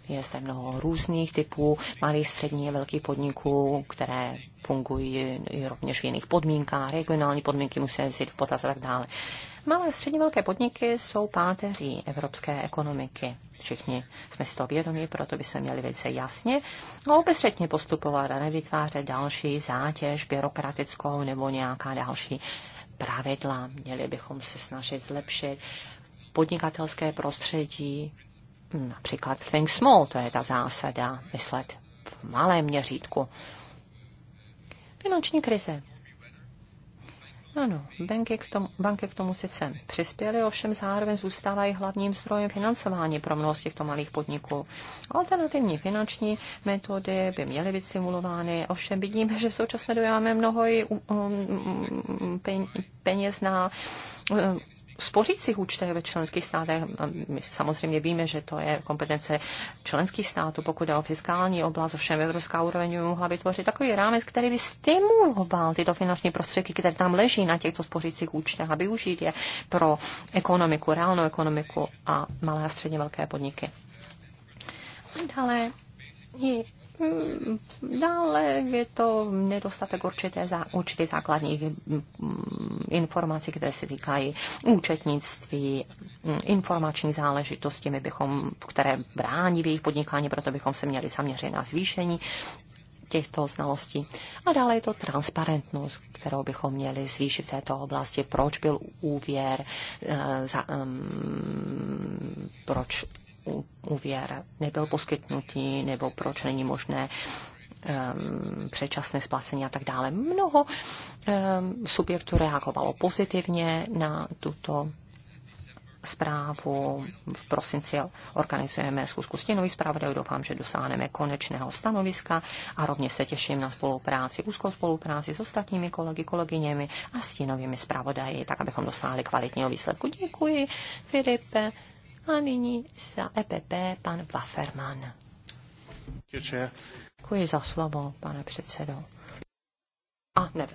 Speaker 4: Je zde mnoho různých typů malých, středních a velkých podniků, které fungují rovněž v jiných podmínkách, regionální podmínky musíme vzít v potaz a tak dále. Malé a středně velké podniky jsou páteří evropské ekonomiky. Všichni jsme si to vědomí, proto bychom měli velice jasně a obezřetně postupovat a nevytvářet další zátěž byrokratickou nebo nějaká další pravidla. Měli bychom se snažit zlepšit podnikatelské prostředí, například think small, to je ta zásada, myslet v malém měřítku. Finanční krize ano, banky k tomu, banky k tomu sice přispěly, ovšem zároveň zůstávají hlavním zdrojem financování pro mnoho z těchto malých podniků. Alternativní finanční metody by měly být stimulovány, ovšem vidíme, že v současné době máme mnoho i um, um, peněz na um, spořících účtech ve členských státech. My samozřejmě víme, že to je kompetence členských států, pokud je o fiskální oblast, ovšem evropská úroveň by mohla vytvořit takový rámec, který by stimuloval tyto finanční prostředky, které tam leží na těchto spořících účtech a využít je pro ekonomiku, reálnou ekonomiku a malé a středně velké podniky. Dále je Hm, dále je to nedostatek určité zá, určitých základních hm, informací, které se týkají účetnictví, hm, informační záležitosti, my bychom, které brání v jejich podnikání, proto bychom se měli zaměřit na zvýšení těchto znalostí. A dále je to transparentnost, kterou bychom měli zvýšit v této oblasti. Proč byl úvěr, eh, za, um, proč úvěr nebyl poskytnutý, nebo proč není možné um, předčasné splacení a tak dále. Mnoho um, subjektů reagovalo pozitivně na tuto zprávu. V prosinci organizujeme zkusku stěnových zpravodajů. Doufám, že dosáhneme konečného stanoviska a rovně se těším na spolupráci, úzkou spolupráci s ostatními kolegy, kolegyněmi a stěnovými zpravodaji, tak abychom dosáhli kvalitního výsledku. Děkuji, Filipe. A nyní za EPP pan Waferman. Děkuji za slovo, pane předsedo. A ne.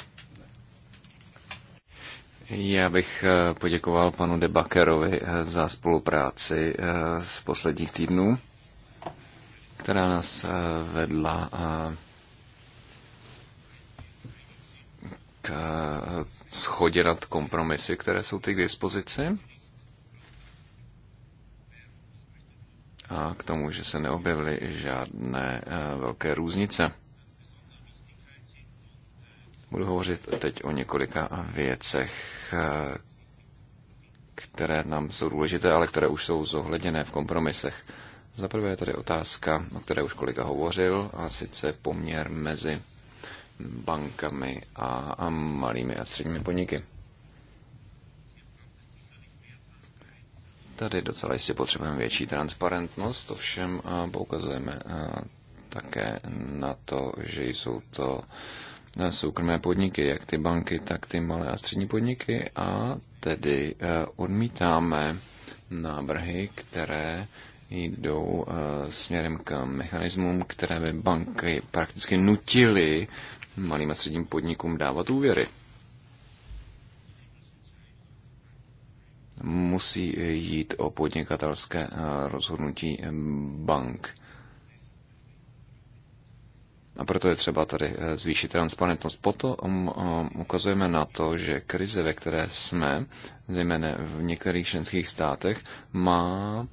Speaker 1: Já bych eh, poděkoval panu Debakerovi eh, za spolupráci eh, z posledních týdnů, která nás vedla k schodě nad kompromisy, které jsou ty k dispozici. a k tomu, že se neobjevily žádné eh, velké různice. Budu hovořit teď o několika věcech, eh, které nám jsou důležité, ale které už jsou zohledněné v kompromisech. Za prvé je tady otázka, o které už kolika hovořil, a sice poměr mezi bankami a malými a středními podniky. Tady docela jistě potřebujeme větší transparentnost, ovšem poukazujeme také na to, že jsou to soukromé podniky, jak ty banky, tak ty malé a střední podniky a tedy odmítáme návrhy, které jdou směrem k mechanismům, které by banky prakticky nutily malým a středním podnikům dávat úvěry. musí jít o podnikatelské eh, rozhodnutí eh, bank. A proto je třeba tady eh, zvýšit transparentnost. Potom mm, ukazujeme na to, že krize, ve které jsme, zejména v některých členských státech, má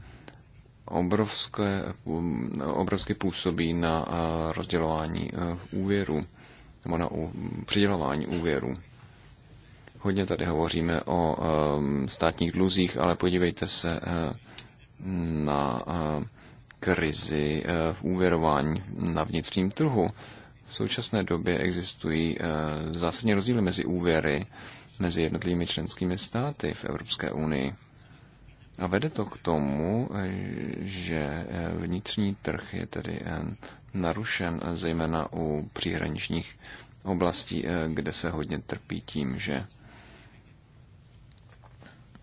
Speaker 1: obrovské, mm, obrovské působí na rozdělování úvěru nebo na přidělování úvěru. Hodně tady hovoříme o státních dluzích, ale podívejte se eh, na eh, krizi eh, v úvěrování na vnitřním trhu. V současné době existují zásadní rozdíly mezi úvěry mezi jednotlivými členskými státy v Evropské unii. A vede to k tomu, že vnitřní trh je tedy narušen, zejména u příhraničních oblastí, kde se hodně trpí tím, že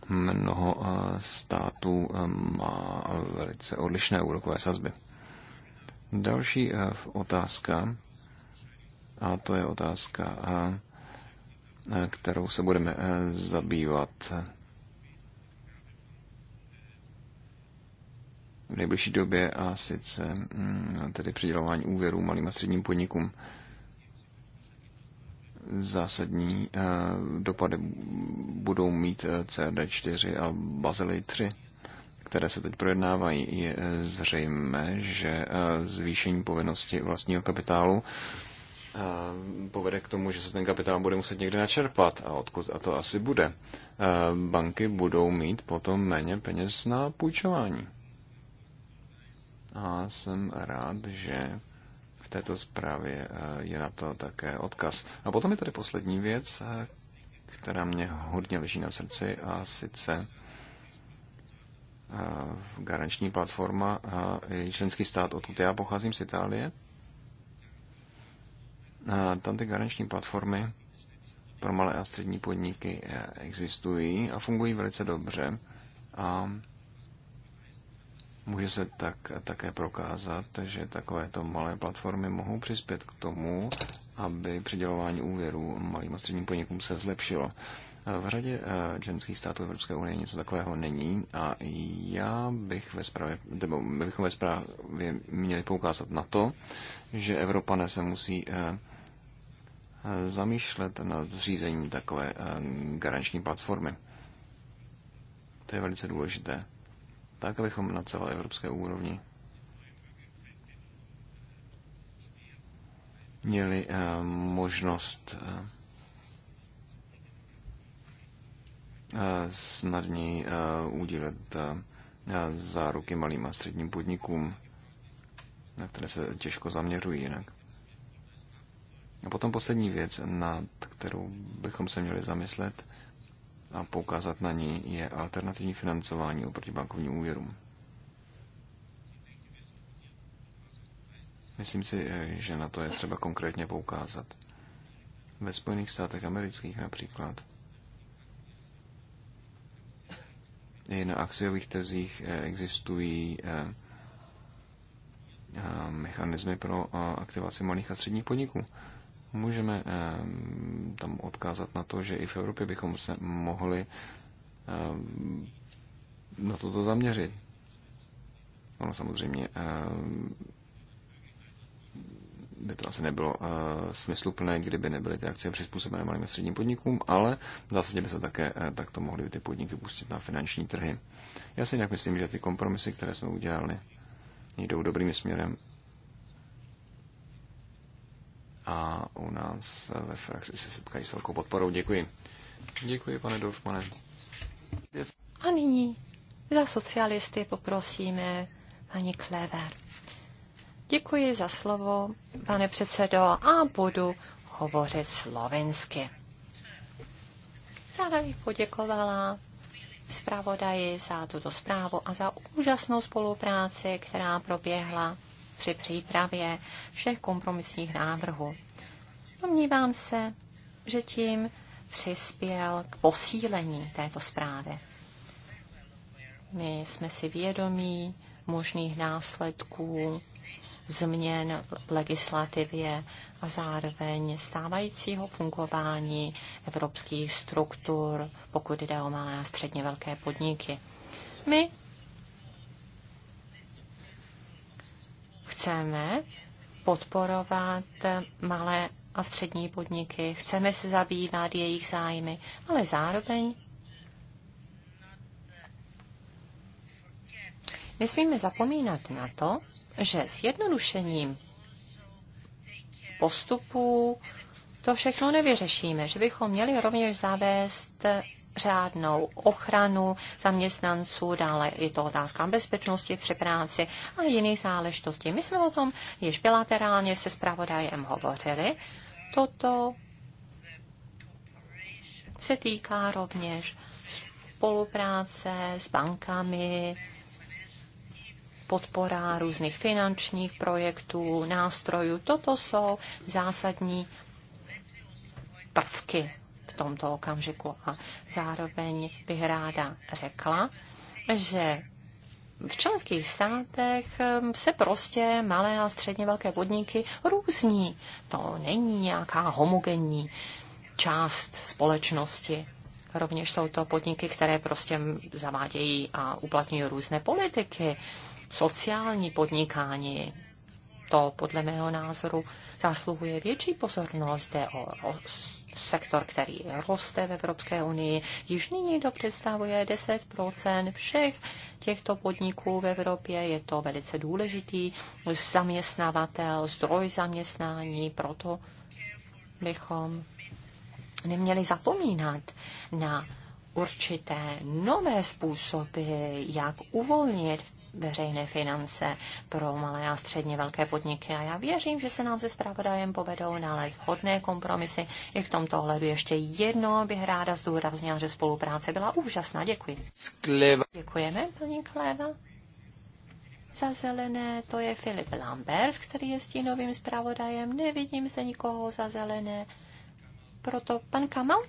Speaker 1: mnoho eh, států eh, má velice odlišné úrokové sazby. Další eh, otázka, a to je otázka, kterou se budeme zabývat v nejbližší době, a sice mm, tedy přidělování úvěrů malým a středním podnikům zásadní eh, dopady budou mít eh, cd 4 a Bazily 3, které se teď projednávají. Je eh, zřejmé, že zvýšení povinnosti vlastního kapitálu povede k tomu, že se ten kapitál bude muset někde načerpat a odkud a to asi bude. Banky budou mít potom méně peněz na půjčování. A jsem rád, že v této zprávě eh, je na to také odkaz. A potom je tady poslední věc, eh, která mě hodně leží na srdci a sice eh, garanční platforma a členský stát, odkud já pocházím z Itálie. A tam ty garanční platformy pro malé a střední podniky existují a fungují velice dobře. A Může se tak také prokázat, že takovéto malé platformy mohou přispět k tomu, aby přidělování úvěrů malým a středním podnikům se zlepšilo. V řadě ženských eh, států Evropské unie něco takového není a já bych ve zprávě, nebo bychom ve zprávě měli poukázat na to, že Evropané se musí eh, zamýšlet nad zřízením takové eh, garanční platformy. To je velice důležité tak, abychom na celé evropské úrovni měli eh, možnost eh, eh, snadněji uh, záruky malým a středním podnikům, na které se těžko zaměřují jinak. A potom poslední věc, nad kterou bychom se měli zamyslet, a poukázat na ní je alternativní financování oproti bankovním úvěrům. Myslím si, eh, že na to je třeba konkrétně poukázat. Ve Spojených státech amerických například i na akciových trzích eh, existují eh, mechanismy pro aktivaci malých a středních podniků. Můžeme eh, tam odkázat na to, že i v Evropě bychom se mohli eh, na toto zaměřit. Ono samozřejmě eh, by to asi nebylo uh, smysluplné, kdyby nebyly ty akce přizpůsobené malým a středním podnikům, ale v zásadě by se také uh, takto mohly ty podniky pustit na finanční trhy. Já si nějak myslím, že ty kompromisy, které jsme udělali, jdou dobrým směrem a u nás ve frakci se setkají s velkou podporou. Děkuji. Děkuji, pane Dorfmane.
Speaker 4: A nyní za socialisty poprosíme paní Klever. Děkuji za slovo, pane předsedo, a budu hovořit slovensky. Já bych poděkovala zpravodaji za tuto zprávu a za úžasnou spolupráci, která proběhla při přípravě všech kompromisních návrhů. Domnívám se, že tím přispěl k posílení této zprávy. My jsme si vědomí možných následků změn v legislativě a zároveň stávajícího fungování evropských struktur, pokud jde o malé a středně velké podniky. My chceme podporovat malé a střední podniky, chceme se zabývat jejich zájmy, ale zároveň nesmíme zapomínat na to, že s jednodušením postupů to všechno nevyřešíme, že bychom měli rovněž zavést řádnou ochranu zaměstnanců, dále je to otázka bezpečnosti při práci a jiných záležitostí. My jsme o tom již bilaterálně se zpravodajem hovořili. Toto se týká rovněž spolupráce s bankami, podpora různých finančních projektů, nástrojů. Toto jsou zásadní prvky tomto okamžiku. A zároveň bych ráda řekla, že v členských státech um, se prostě malé a středně velké podniky různí. To není nějaká homogenní část společnosti. Rovněž jsou to podniky, které prostě zavádějí a uplatňují různé politiky, sociální podnikání. To podle mého názoru zasluhuje větší pozornost, jde o, sektor, který roste v Evropské unii. Již nyní to představuje 10 všech těchto podniků v Evropě. Je to velice důležitý zaměstnavatel, zdroj zaměstnání, proto bychom neměli zapomínat na určité nové způsoby, jak uvolnit veřejné finance pro malé a středně velké podniky. A já věřím, že se nám se zpravodajem povedou nalézt vhodné kompromisy. I v tomto ohledu ještě jedno bych ráda zdůraznila, že spolupráce byla úžasná. Děkuji. Skleva. Děkujeme, paní Kleva. Za zelené to je Filip Lambers, který je stínovým zpravodajem. Nevidím zde nikoho za zelené. Proto pan Kamal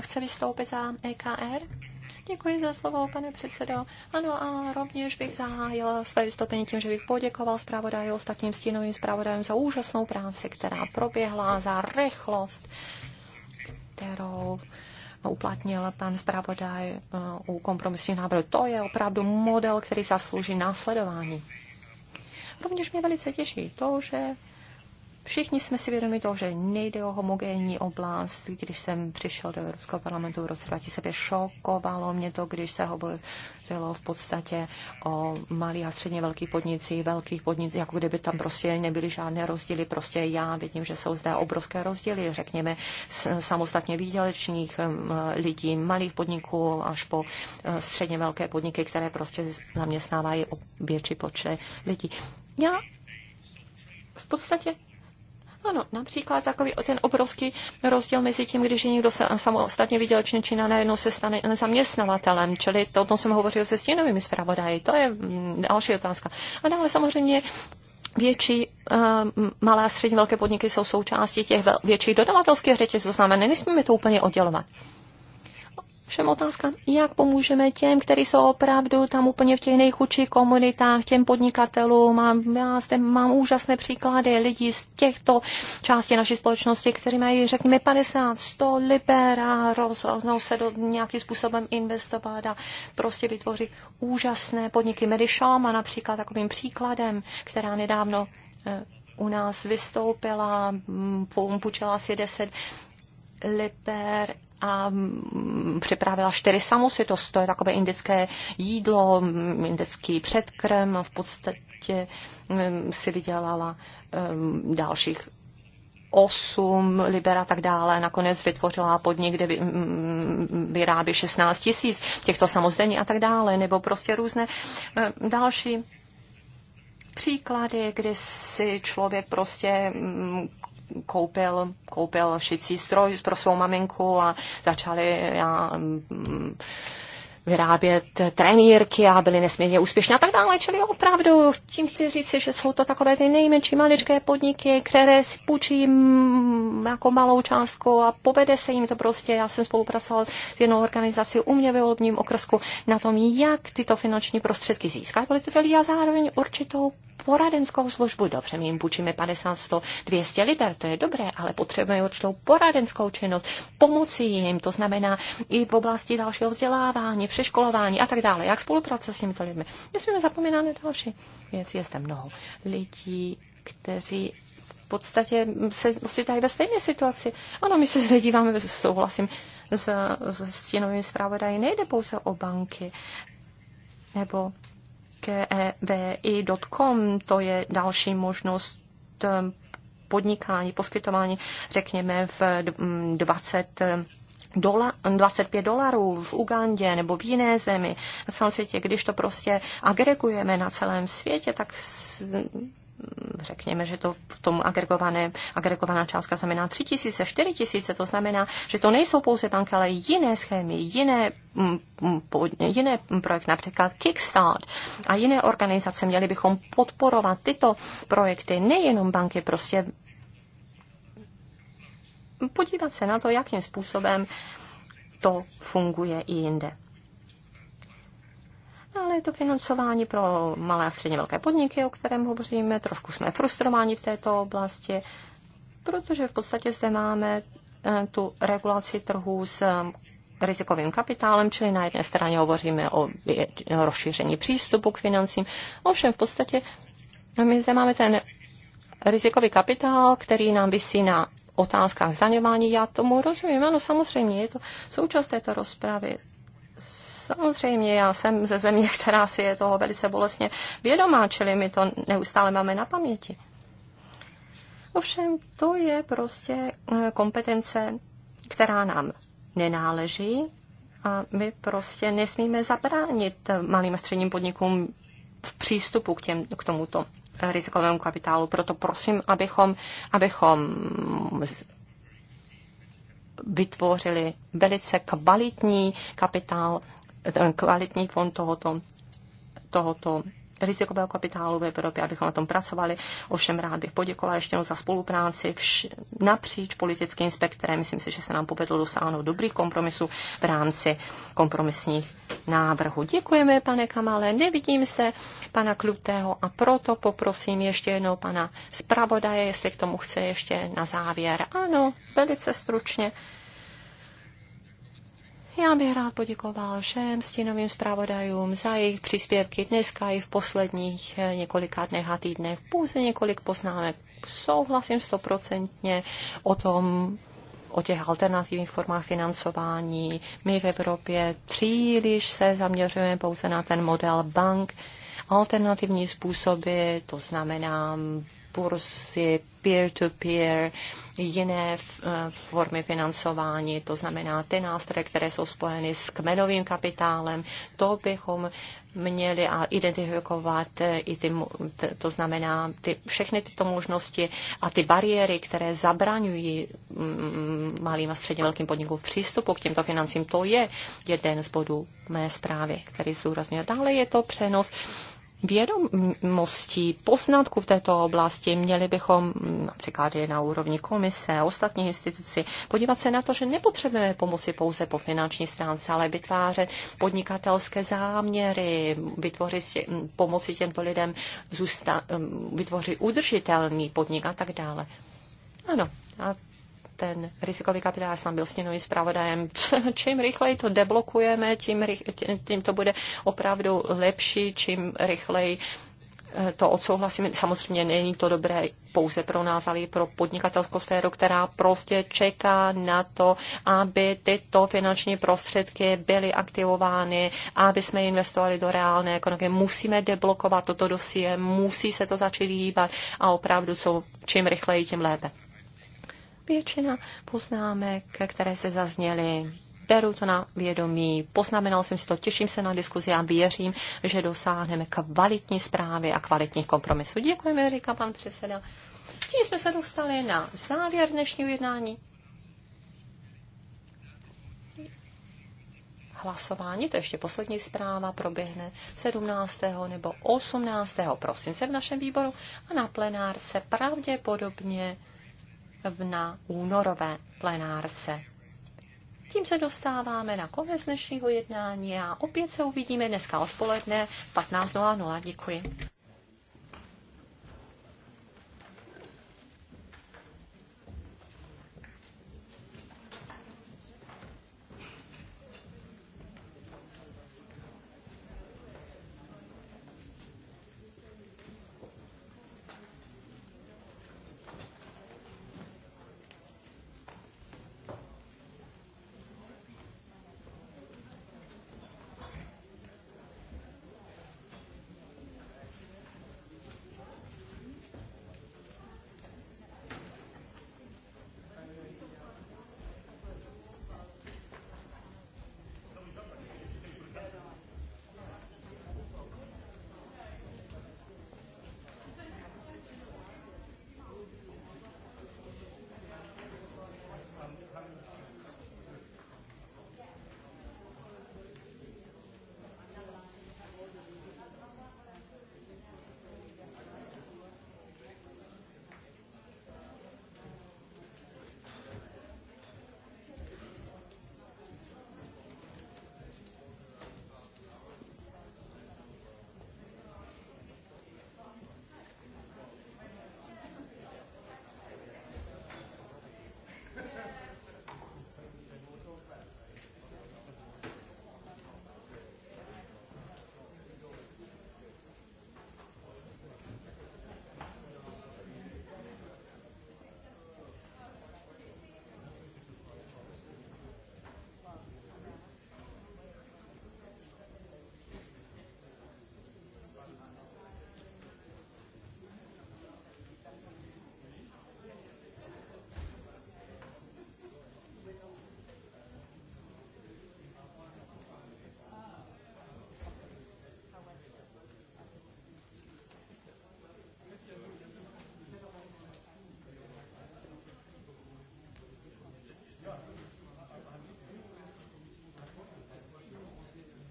Speaker 4: chce vystoupit za EKR. Děkuji za slovo, pane předsedo. Ano a rovněž bych zahájil své vystoupení tím, že bych poděkoval zpravodaji ostatním stínovým zpravodajům za úžasnou práci, která proběhla, za rychlost, kterou uplatnil pan zpravodaj uh, u kompromisní návrhu. To je opravdu model, který zaslouží následování. Rovněž mě velice těší to, že Všichni jsme si vědomi toho, že nejde o homogénní oblast. Když jsem přišel do Evropského parlamentu v roce 2005, šokovalo mě to, když se hovořilo v podstatě o malých a středně velkých podnicích, velkých podnicích, jako kdyby tam prostě nebyly žádné rozdíly. Prostě já vidím, že jsou zde obrovské rozdíly, řekněme, samostatně výdělečných um, lidí, malých podniků až po uh, středně velké podniky, které prostě zaměstnávají větší počet lidí. Já v podstatě ano, například takový ten obrovský rozdíl mezi tím, když je někdo samostatně výdělečně činný a najednou se stane zaměstnavatelem. Čili to, o tom jsem hovořil se stínovými zpravodaji. To je mm, další otázka. A dále samozřejmě větší um, malé a střední velké podniky jsou součástí těch větších dodavatelských řetězů, to znamená, nesmíme to úplně oddělovat všem otázka, jak pomůžeme těm, kteří jsou opravdu tam úplně v těch nejchudších komunitách, těm podnikatelům. Mám, já zde mám úžasné příklady lidí z těchto částí naší společnosti, kteří mají, řekněme, 50, 100 liber a rozhodnou se do nějakým způsobem investovat a prostě vytvořit úžasné podniky. Medišom a například takovým příkladem, která nedávno eh, u nás vystoupila, mm, půjčila asi 10 liber a mm, připravila čtyři samosy to je takové indické jídlo, mm, indický předkrem a v podstatě mm, si vydělala dalších osm liber a tak dále. Nakonec vytvořila podnik, kde vyrábí 16 tisíc těchto samozdení a tak dále, nebo prostě různé další příklady, kdy si člověk prostě koupil, koupil šicí stroj pro svou maminku a začali já, mm, vyrábět trenýrky a byli nesmírně úspěšní a tak dále. Čili opravdu tím chci říct, že jsou to takové ty nejmenší maličké podniky, které si půjčí mm, jako malou částku a povede se jim to prostě. Já jsem spolupracoval s jednou organizací u mě ve volebním okrsku na tom, jak tyto finanční prostředky získat pro tyto lidi a zároveň určitou poradenskou službu. Dobře, my jim půjčíme 50, 100, 200 liber, to je dobré, ale potřebujeme určitou poradenskou činnost, pomoci jim, to znamená i v oblasti dalšího vzdělávání, přeškolování a tak dále. Jak spolupráce s těmito lidmi? Nesmíme zapomínat na další věc. Je zde mnoho lidí, kteří v podstatě se ocitají ve stejné situaci. Ano, my se zde díváme, souhlasím s, s stínovým zprávodají, nejde pouze o banky nebo E také to je další možnost ehm, podnikání, poskytování, řekněme, v 20 mm, ehm, dola, 25 dolarů v Ugandě nebo v jiné zemi na celém světě, když to prostě agregujeme na celém světě, tak Mm, řekněme, že to v tom agregované, agregovaná částka znamená 3 tisíce, 4 tisíce, to znamená, že to nejsou pouze banky, ale jiné schémy, jiné, mm, mm, jiné projekty, například Kickstart a jiné organizace. Měli bychom podporovat tyto projekty, nejenom banky, prostě podívat se na to, jakým způsobem to funguje i jinde ale je to financování pro malé a středně velké podniky, o kterém hovoříme. Trošku jsme frustrováni v této oblasti, protože v podstatě zde máme eh, tu regulaci trhů s um, rizikovým kapitálem, čili na jedné straně hovoříme o rozšíření přístupu k financím. Ovšem v podstatě my zde máme ten rizikový kapitál, který nám vysí na otázkách zdaňování. Já tomu rozumím, ano, samozřejmě, je to součást této rozpravy. Samozřejmě, já jsem ze země, která si je toho velice bolestně vědomá, čili my to neustále máme na paměti. Ovšem, to je prostě eh, kompetence, která nám nenáleží a my prostě nesmíme zabránit malým a středním podnikům v přístupu k, těm, k tomuto rizikovému kapitálu. Proto prosím, abychom, abychom vytvořili velice kvalitní kapitál ten kvalitní fond tohoto, tohoto rizikového kapitálu v Evropě, abychom na tom pracovali. Ovšem rád bych poděkoval ještě jednou za spolupráci vš- napříč politickým spektrem. Myslím si, že se nám povedlo dosáhnout dobrých kompromisů v rámci kompromisních návrhů. Děkujeme, pane Kamale. Nevidím se pana Klutého a proto poprosím ještě jednou pana zpravodaje, jestli k tomu chce ještě na závěr. Ano, velice stručně. Já bych rád poděkoval všem stínovým zpravodajům za jejich příspěvky dneska i v posledních eh, několika dnech a týdnech. Pouze několik poznámek. Souhlasím stoprocentně o tom, o těch alternativních formách financování. My v Evropě příliš se zaměřujeme pouze na ten model bank, alternativní způsoby, to znamená burzy, peer-to-peer, jiné eh, formy financování, to znamená ty nástroje, které jsou spojeny s kmenovým kapitálem, to bychom měli a identifikovat eh, i ty, to znamená ty, všechny tyto možnosti a ty bariéry, které zabraňují mm, malým a středně velkým podnikům přístupu k těmto financím, to je jeden z bodů mé zprávy, který zdůrazňuje. Dále je to přenos vědomostí, poznatků v této oblasti. Měli bychom mm, například je na úrovni komise, ostatní instituci, podívat se na to, že nepotřebujeme pomoci pouze po finanční stránce, ale vytvářet podnikatelské záměry, vytvořit mm, pomoci těmto lidem, zůsta, mm, vytvořit udržitelný podnik a tak dále. Ano, a ten rizikový kapitál, já jsem byl s ním zpravodajem, čím rychleji to deblokujeme, tím, tím to bude opravdu lepší, čím rychleji eh, to odsouhlasíme. Samozřejmě není to dobré pouze pro nás, ale i pro podnikatelskou sféru, která prostě čeká na to, aby tyto finanční prostředky byly aktivovány, aby jsme investovali do reálné ekonomiky. Musíme deblokovat toto dosie, musí se to začít hýbat a opravdu co, čím rychleji, tím lépe. Většina poznámek, které se zazněly, beru to na vědomí, poznamenal jsem si to, těším se na diskuzi a věřím, že dosáhneme kvalitní zprávy a kvalitních kompromisů. Děkujeme, říká pan předseda. Tím jsme se dostali na závěr dnešního jednání. hlasování, to ještě poslední zpráva, proběhne 17. nebo 18. prosince v našem výboru a na se pravděpodobně na únorové plenárce. Tím se dostáváme na konec dnešního jednání a opět se uvidíme dneska odpoledne 15.00. Děkuji.